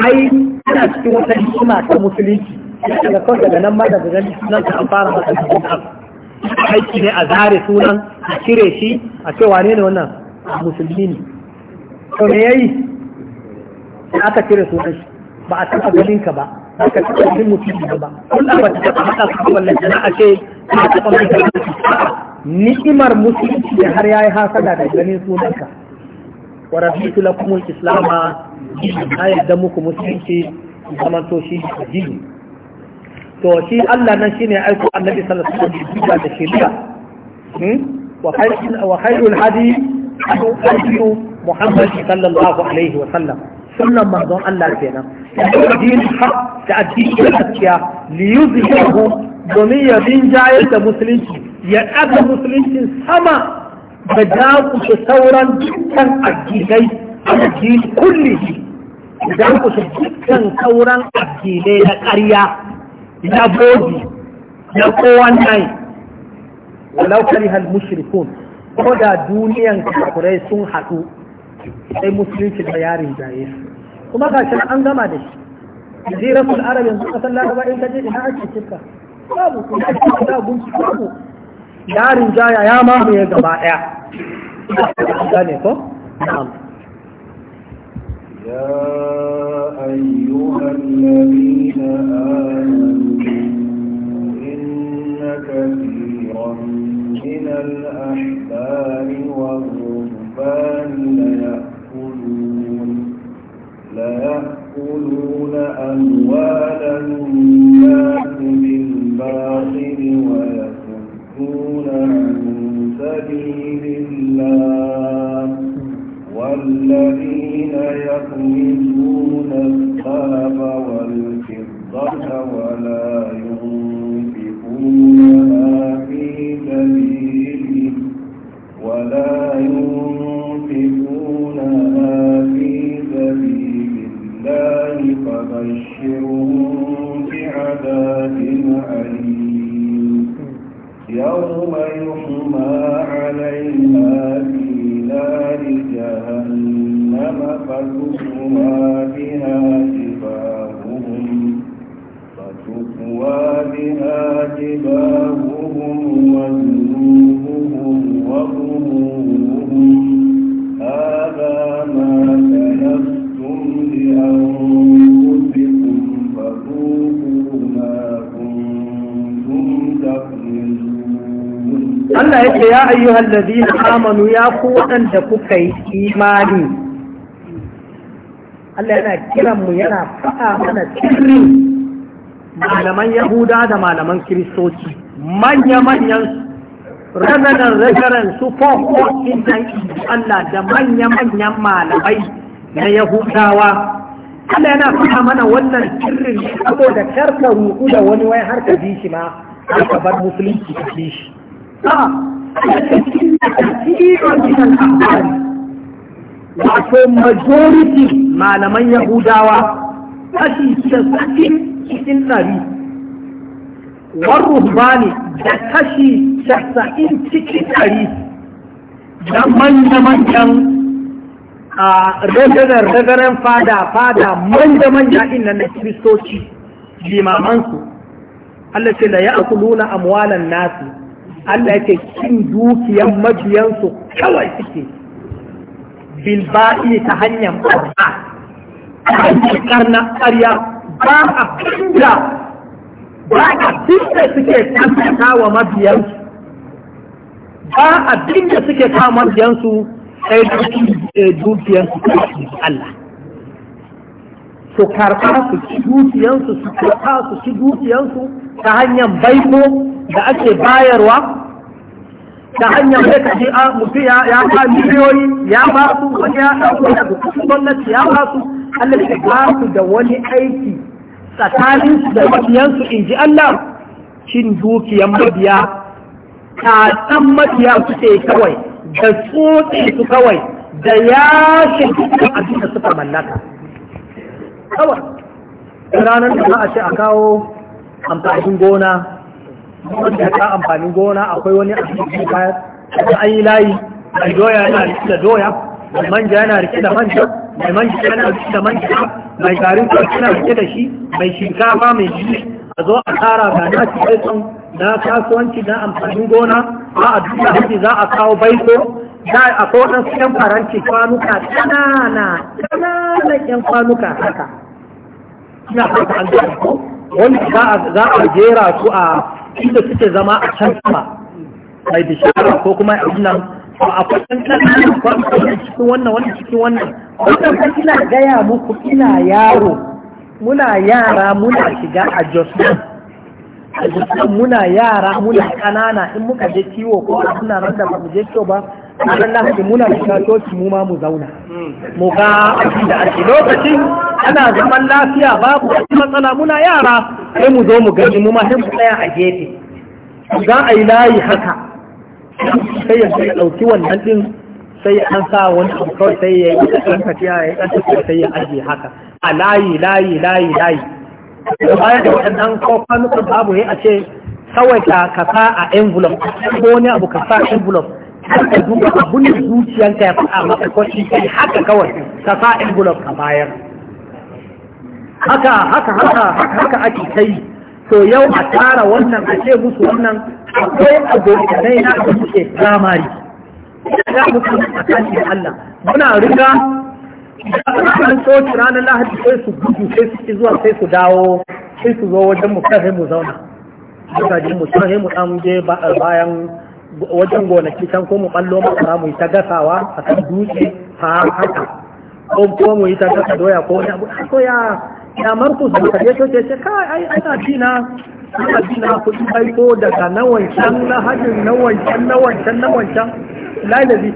ai ana cikin wata ni'ima ta musulunci daga kawai daga nan ma daga gani sunan ka an fara masa da aiki ne a zare sunan a cire shi a ce wane ne wannan musulmi ne to me yayi aka cire sunan shi ba a taba ganin ka ba aka taɓa ganin mutum ba kullum ba ta haɗa su wannan jana'a ce ta ni'imar musulunci da har yayi hasada da ganin sunanka wa raditu lakum al-islam ay da muku musulunci zaman to shi addini to shi Allah nan shine ya aiko annabi sallallahu alaihi wasallam da shari'a hmm? wa khayrul wa khayrul hadi Muhammad sallallahu alaihi wasallam sunnan manzon Allah kenan din haq da addini gaskiya li domin ya rinjayar da musulunci ya ɗaga musulunci sama da sauran dukkan addinai addini kulli da dakushe dukkan sauran addinai na ƙarya ya bogi na kowan nai walau hal mushrikun ko da duniyan kafirai sun haɗu sai musulunci da yarin jaye kuma ga shi an gama da shi jaziratul arab yanzu kasan laraba in kaje ina ake cika babu kuma ake da gunki babu yarin jaya ya mamaye gaba ɗaya gane ko na'am يا أيها الذين آمنوا إن كثيرا من الأحبار والرهبان ليأكلون ليأكلون أموال الناس بالباطل ويصدون عن سبيل الله والذين يكنزون الذهب والفضة ولا ينفقونها في ayyuhal ladina amanu ya ku waɗanda kuka yi imani Allah yana kiran mu yana faɗa mana sirri malaman Yahuda da malaman Kiristoci manya manyan razanan razanan su fofo innan Allah da manya manyan malamai na Yahudawa Allah yana faɗa mana wannan sirrin saboda karka ruɗu da wani wai har ka ji shi ma har ka bar musulunci ka ji shi ah, wato majority malaman yahudawa kashi casa'in cikin ɗari warruhbani da kashi casa'in cikin ɗari da manya-manyan a ragarar ragarar fada fada manja-manja inda na kiristoci limamansu Allah ce da ya akuluna amwalan nasu Allah yake cin dukiyan mabiyansu kawai suke bilba'i ta hanyar ƙarfa a hanyar ƙarnar ƙarya ba a finda ba a finda suke tantata wa mabiyansu ba a finda suke kawo mabiyansu sai dukiyansu kawai Allah su karɓa su ci dukiyansu su karɓa su ci dukiyansu ta hanyar baiko da ake bayarwa ta hanyar da kaji a ah, mutu ya ba miliyoyi ya ba su wani ya ɗauko daga kusa gwamnati ya ba su Allah ya ba su da wani aiki tsakanin su da mabiyansu in ji Allah cin dukiyan mabiya ta san mabiya ce kawai da tsotse su kawai da ya shi abin da suka mallaka kawai ranar da za a ce a kawo amfanin gona wanda ta amfanin gona akwai wani amfanin bayan da an yi layi mai doya yana rike da doya mai manja yana rike da manja mai manja yana rike da manja mai garin kwanci yana rike da shi mai shinkafa mai shi a zo a tara ga na cikin na kasuwanci na amfanin gona ba a duka hajji za a kawo baiko za a kodin ɗan yan faranci kwanuka ƙanana ƙananan yan kwanuka haka ina fata an gaba wanda za a jera su a inda suke zama a can sama mai bishara ko kuma abin nan a kwatan kanan kwanfani cikin wannan wannan cikin wannan wannan ba ina gaya muku ina yaro muna yara muna shiga a jostan a jostan muna yara muna kanana in muka je kiwo ko a suna randa ba mu je kiwo ba ranar lahadi muna da coci mu ma mu zauna mu ga da ake lokacin ana zaman lafiya babu wata matsala muna yara sai mu zo mu gani mu ma sai mu tsaya a gefe za a yi layi haka sai ya ɗauki wannan din sai ya ɗan sa wani abu kawai sai ya yi ɗan tafiya ya ɗan tafiya sai ya aje haka a layi layi layi layi da bayan da waɗannan kofar nufin babu ya a ce kawai ka kasa a envelope ko wani abu ka sa envelope har ka duba ya faɗa maka ko shi kai ka bayar haka haka haka haka ake kai to yau a tara wannan a ce musu wannan akwai abokanai na da suke primary ya mutu a kan Allah muna riga an soci ranar lahadi sai su gudu sai su ci zuwa sai su dawo sai su zo wajen mu kafin mu zauna. Mutane mu kafin mu ɗan je bayan wajen gonaki can ko mu ballo masara mu yi ta gasawa a kan dutse ta haka ko ko mu yi ta gasa doya ko wani abu ko ya ya marku da kaje to ce kai ai ana dina ana dina kuɗi ai ko daga na wancan na hajin na wancan na wancan na wancan lalabi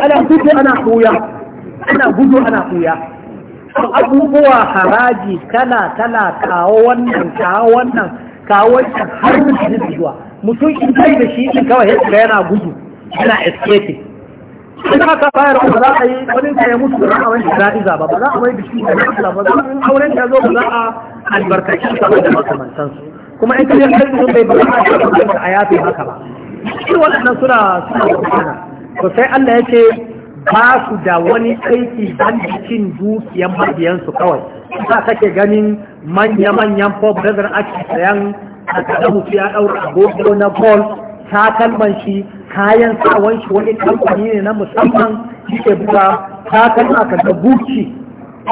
ana gudu ana kuya ana gudu ana kuya abubuwa haraji tana tana kawo wannan kawo wannan kawo wannan har da zuwa mutum in kai da shi in kawai yadda yana gudu yana escape in ka fara ba za a yi wani da ya mutu ba wani wani jana'iza ba ba za a wani biki da nasa ba za a yi auren ka zo ba za a albarkaci kamar da makamantansu kuma in kai kai bai bari a yi a yafe haka ba shi waɗannan suna suna bukana to sai Allah ya ce ba su da wani aiki ban dukiyan mabiyansu kawai za kake ganin manya-manyan pop da ake sayan a mu ya ɗaura agogo na bol kalman shi kayan sawan shi wani kamfani ne na musamman shi ke buga kalma ka ga buci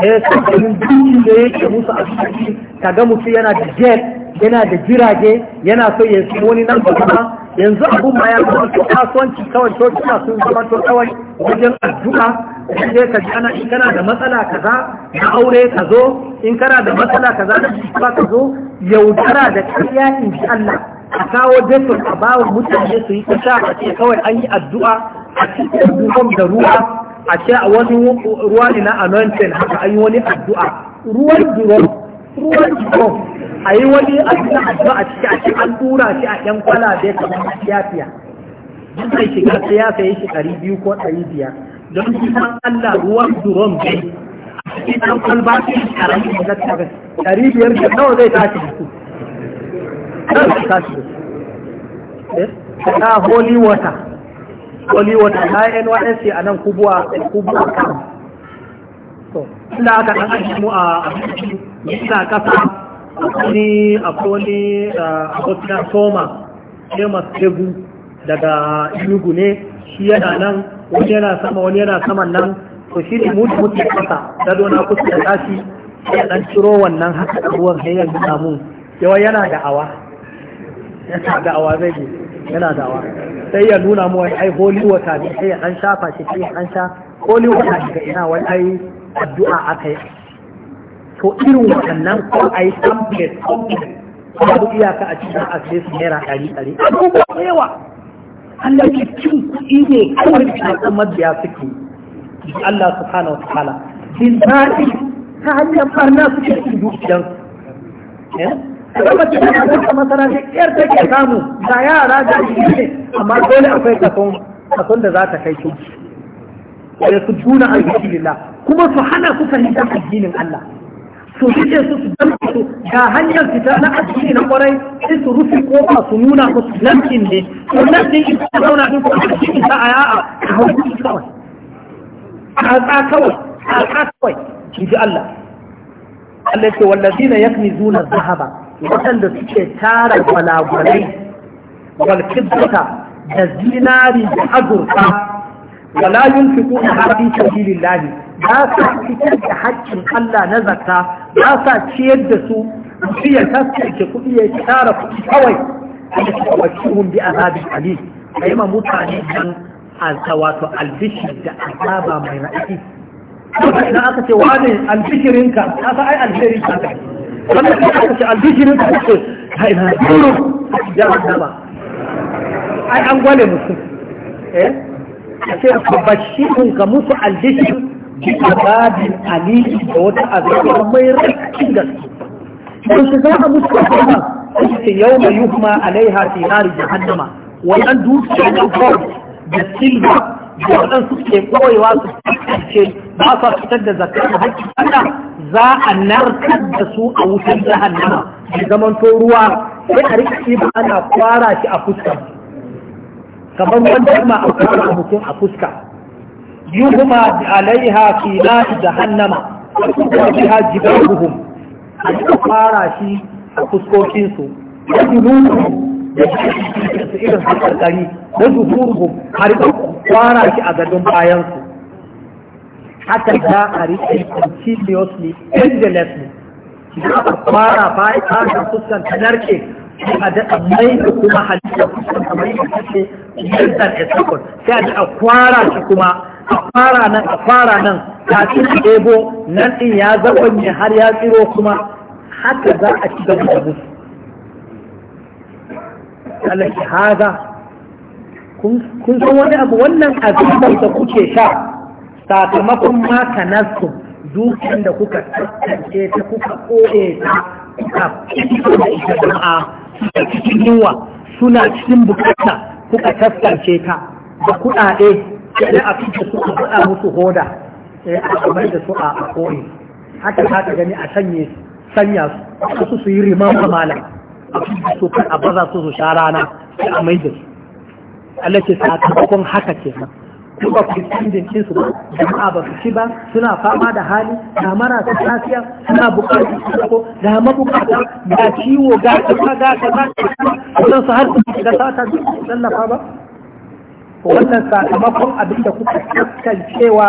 eh sabbin buci da ya ke musu a cikin kaga mutum yana da jet yana da jirage yana so ya su wani nan gaba yanzu abun ma ya zama kasuwanci kawai to kina sun zama to kawai wajen addu'a sai ka ji ana in kana da matsala kaza na aure ka zo in kana da matsala kaza na ba ka zo yaudara da kariya in ji Allah a kawo dafin a mutane su yi ta sha a ce kawai an yi addu'a a cikin dubam da ruwa a ce a wani ruwa ina anointed haka an yi wani addu'a ruwan jiron ruwan jiron a yi wani addu'a a ciki a ce an dura shi a yan kwalabe kamar yafiya duk mai shiga siyasa ya shi ɗari biyu ko ɗari biyar don kusan Allah ruwan duron bai a cikin ɗan albashin karami da zaka ɗari biyar da nawa zai tashi da su zai tashi da su da eh? holy water holy water na NYSC a nan kubuwa kubuwa kan so inda aka ɗan ajiye mu a bisa ƙasa wani akwai eh, a abokin soma shemas tegu daga inugu ne shi yana nan wani yana sama wani yana saman nan to shi ne mutu mutu kasa da dona kusa da tashi ya dan ciro wannan haka ruwan hanyar da samu yawa yana da awa yana da awa zai je yana da awa sai ya nuna mu ai holy water ne sai ya dan shafa shi sai ya dan sha holy water ga ina wai ai addu'a aka yi to irin waɗannan ko ai template ko babu iyaka a cikin access naira ɗari ɗari abubuwa yawa Allah ke cin kuɗi ne kawai da kan mabiya suke Allah subhanahu wa ta'ala bin daɗi ta hanyar barna suke cin dukiyar Lokacin eh? da aka kama masana ne ƙyar ke samu ga yara da ne amma dole akwai kason da za ta kai su. Wai su tuna alhamdulillah kuma su hana ku fahimtar addinin Allah. su rike su su zama su ga hanyar fita na addini na kwarai sai su rufe kofa su nuna musu lamkin ne to lamkin in ka zauna in kuma ka cikin ta aya a hau kuɗi kawai tsatsa kawai tsatsa kawai in ji Allah Allah ce wallazi na yakni zuna zahaba waɗanda suke tara gwalagwalai wal da zinari da azurfa wala yunfiquna ha fi sabilillah ba sa fitar da haƙƙin Allah na zakka ba sa ciyar su su ya tasirce kuɗi ya tara kuɗi kawai da suka wakilun bi azabi ali kai ma mutane kan wato albishir da azaba mai raɗi idan aka ce wa ne albishirinka ka sa ai albishirinka wannan ka ce albishirinka ka ce ai na duro ya azaba ai an gwale a ce ku bashirun ka musu aljishin bi babin aliki da wata azaba mai rikin gaske don su za a musu azaba su ce yau mai yi yuhma alaiha fi hari jahannama wannan dukiya na gold da silva da waɗansu ke koyewa su ce ba sa fitar da zakar da hakkin Allah za a narkar da su a wutar jahannama da zamanto ruwa sai a rika ba ana kwara shi a fuskar kamar wanda ma a kama mutum a fuska da alaiha fi nari jahannama kuma biha jibahuhum a suka fara shi a fuskokinsu ya da junubu da su irin hakarkari da zuhuruhum har da fara shi a gadon bayansu haka za a riƙe continuously endlessly za a fara bayan ta fuskanta narke sai a daɗa mai kuma halittar kusan kamar yadda kake yankan a sakon sai a daɗa kwara shi kuma a fara nan a fara nan kafin a ɗebo nan ɗin ya zaɓanye har ya tsiro kuma haka za a ci gaba da musu Allah haza kun san wani abu wannan azabar da kuke sha sakamakon maka nasu dukan da kuka tattance ta kuka koɗe ta kuka fito da ita jama'a suna cikin yunwa suna cikin bukata kuka taskance ta da kuɗaɗe da a fita su faɗa musu hoda a kamar da su a koyi haka za ka gani a sanye sanya su su su yi riman kamala a da su kan a su su sha rana sai a mai da su Allah ce sakamakon haka kenan su ba ku su ba jama'a ba su ci ba suna fama da hali da marasa lafiya suna bukatar su da mabukata da ciwo ga kasa ga kasa sun su har su shiga sata duk su tallafa ba wannan sakamakon abin da kuka kaskancewa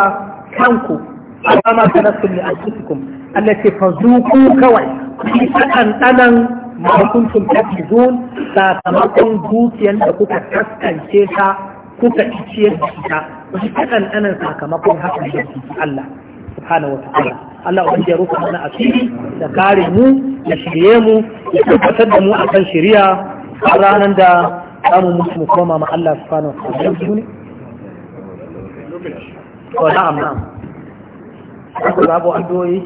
kanku amma ta nasu ne a cikin Allah ce fa zuku kawai ku ta ɗanɗanan ta kuntum zuwa sakamakon dukiyar da kuka kaskance ta kuka ciye da ita ba shi kaɗan ɗanan sakamakon haka da su Allah subhanahu wa ta'ala Allah wanda ya rufa mana asiri da kare mu da shirye mu da tabbatar da mu akan shari'a a ranar da zamu musu mu koma ma Allah subhanahu wa ta'ala yanzu ne ko na'am na'am ko zabo addu'o'i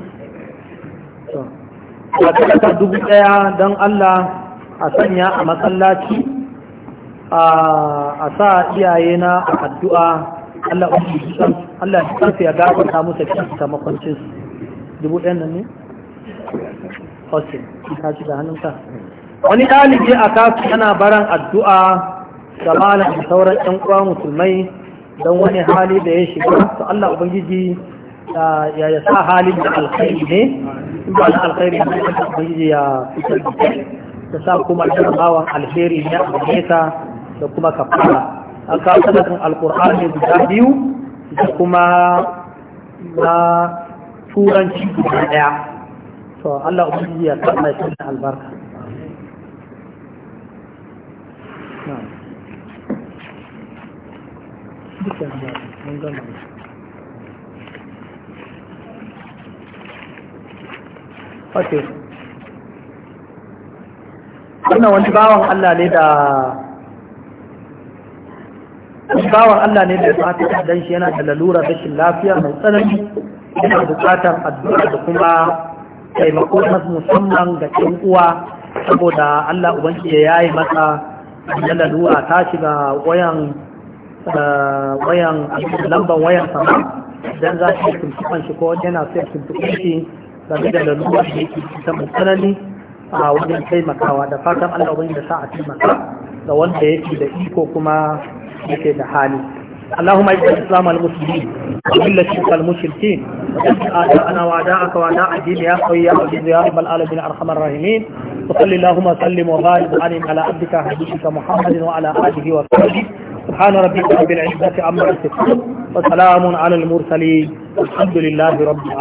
to ka dubu daya dan Allah a sanya a masallaci a sa iyaye na a addu'a Allah Allah ya ya gafarta musu cikin sakamakon dubu ɗan nan ne? ka ci da Wani ɗalibi a kasu yana baran addu'a da malam sauran ‘yan uwa musulmai don wani hali da ya shiga, to Allah Ubangiji ya ya sa halin da alkhairi ne, in ba na alkhairi ne ya fitar da sa kuma jarabawan alheri ne a nesa da kuma kafara an kawo sanadin alkur'ani guda biyu da kuma na turanci guda daya to Allah ubangiji ya sa mai sunan albarka Ok. wannan wani bawan Allah ne da bawan Allah ne da fata dan shi yana da lalura rashin lafiya mai tsanani yana bukatar addu'a da kuma taimako na musamman ga ɗan uwa saboda Allah ubanki ya yayi masa da lalura ta shiga wayan eh, wayan lamban wayan sama dan za shi tuntuɓan shi ko yana sai tuntuɓan shi game da lalura da yake ta tsanani a wajen taimakawa da fatan Allah ubangiji da sa a taimaka da wanda yake da iko kuma كيف حالي اللهم اجعل الاسلام المسلمين وكل الشرك المشركين اعداءنا واعداءك واعداء الدين يا قوي يا عزيز يا رب العالمين ارحم الراحمين وصل اللهم وسلم وبارك وانعم على عبدك حبيبك محمد وعلى اله وصحبه سبحان ربك رب العزه عما يصفون وسلام على المرسلين والحمد لله رب العالمين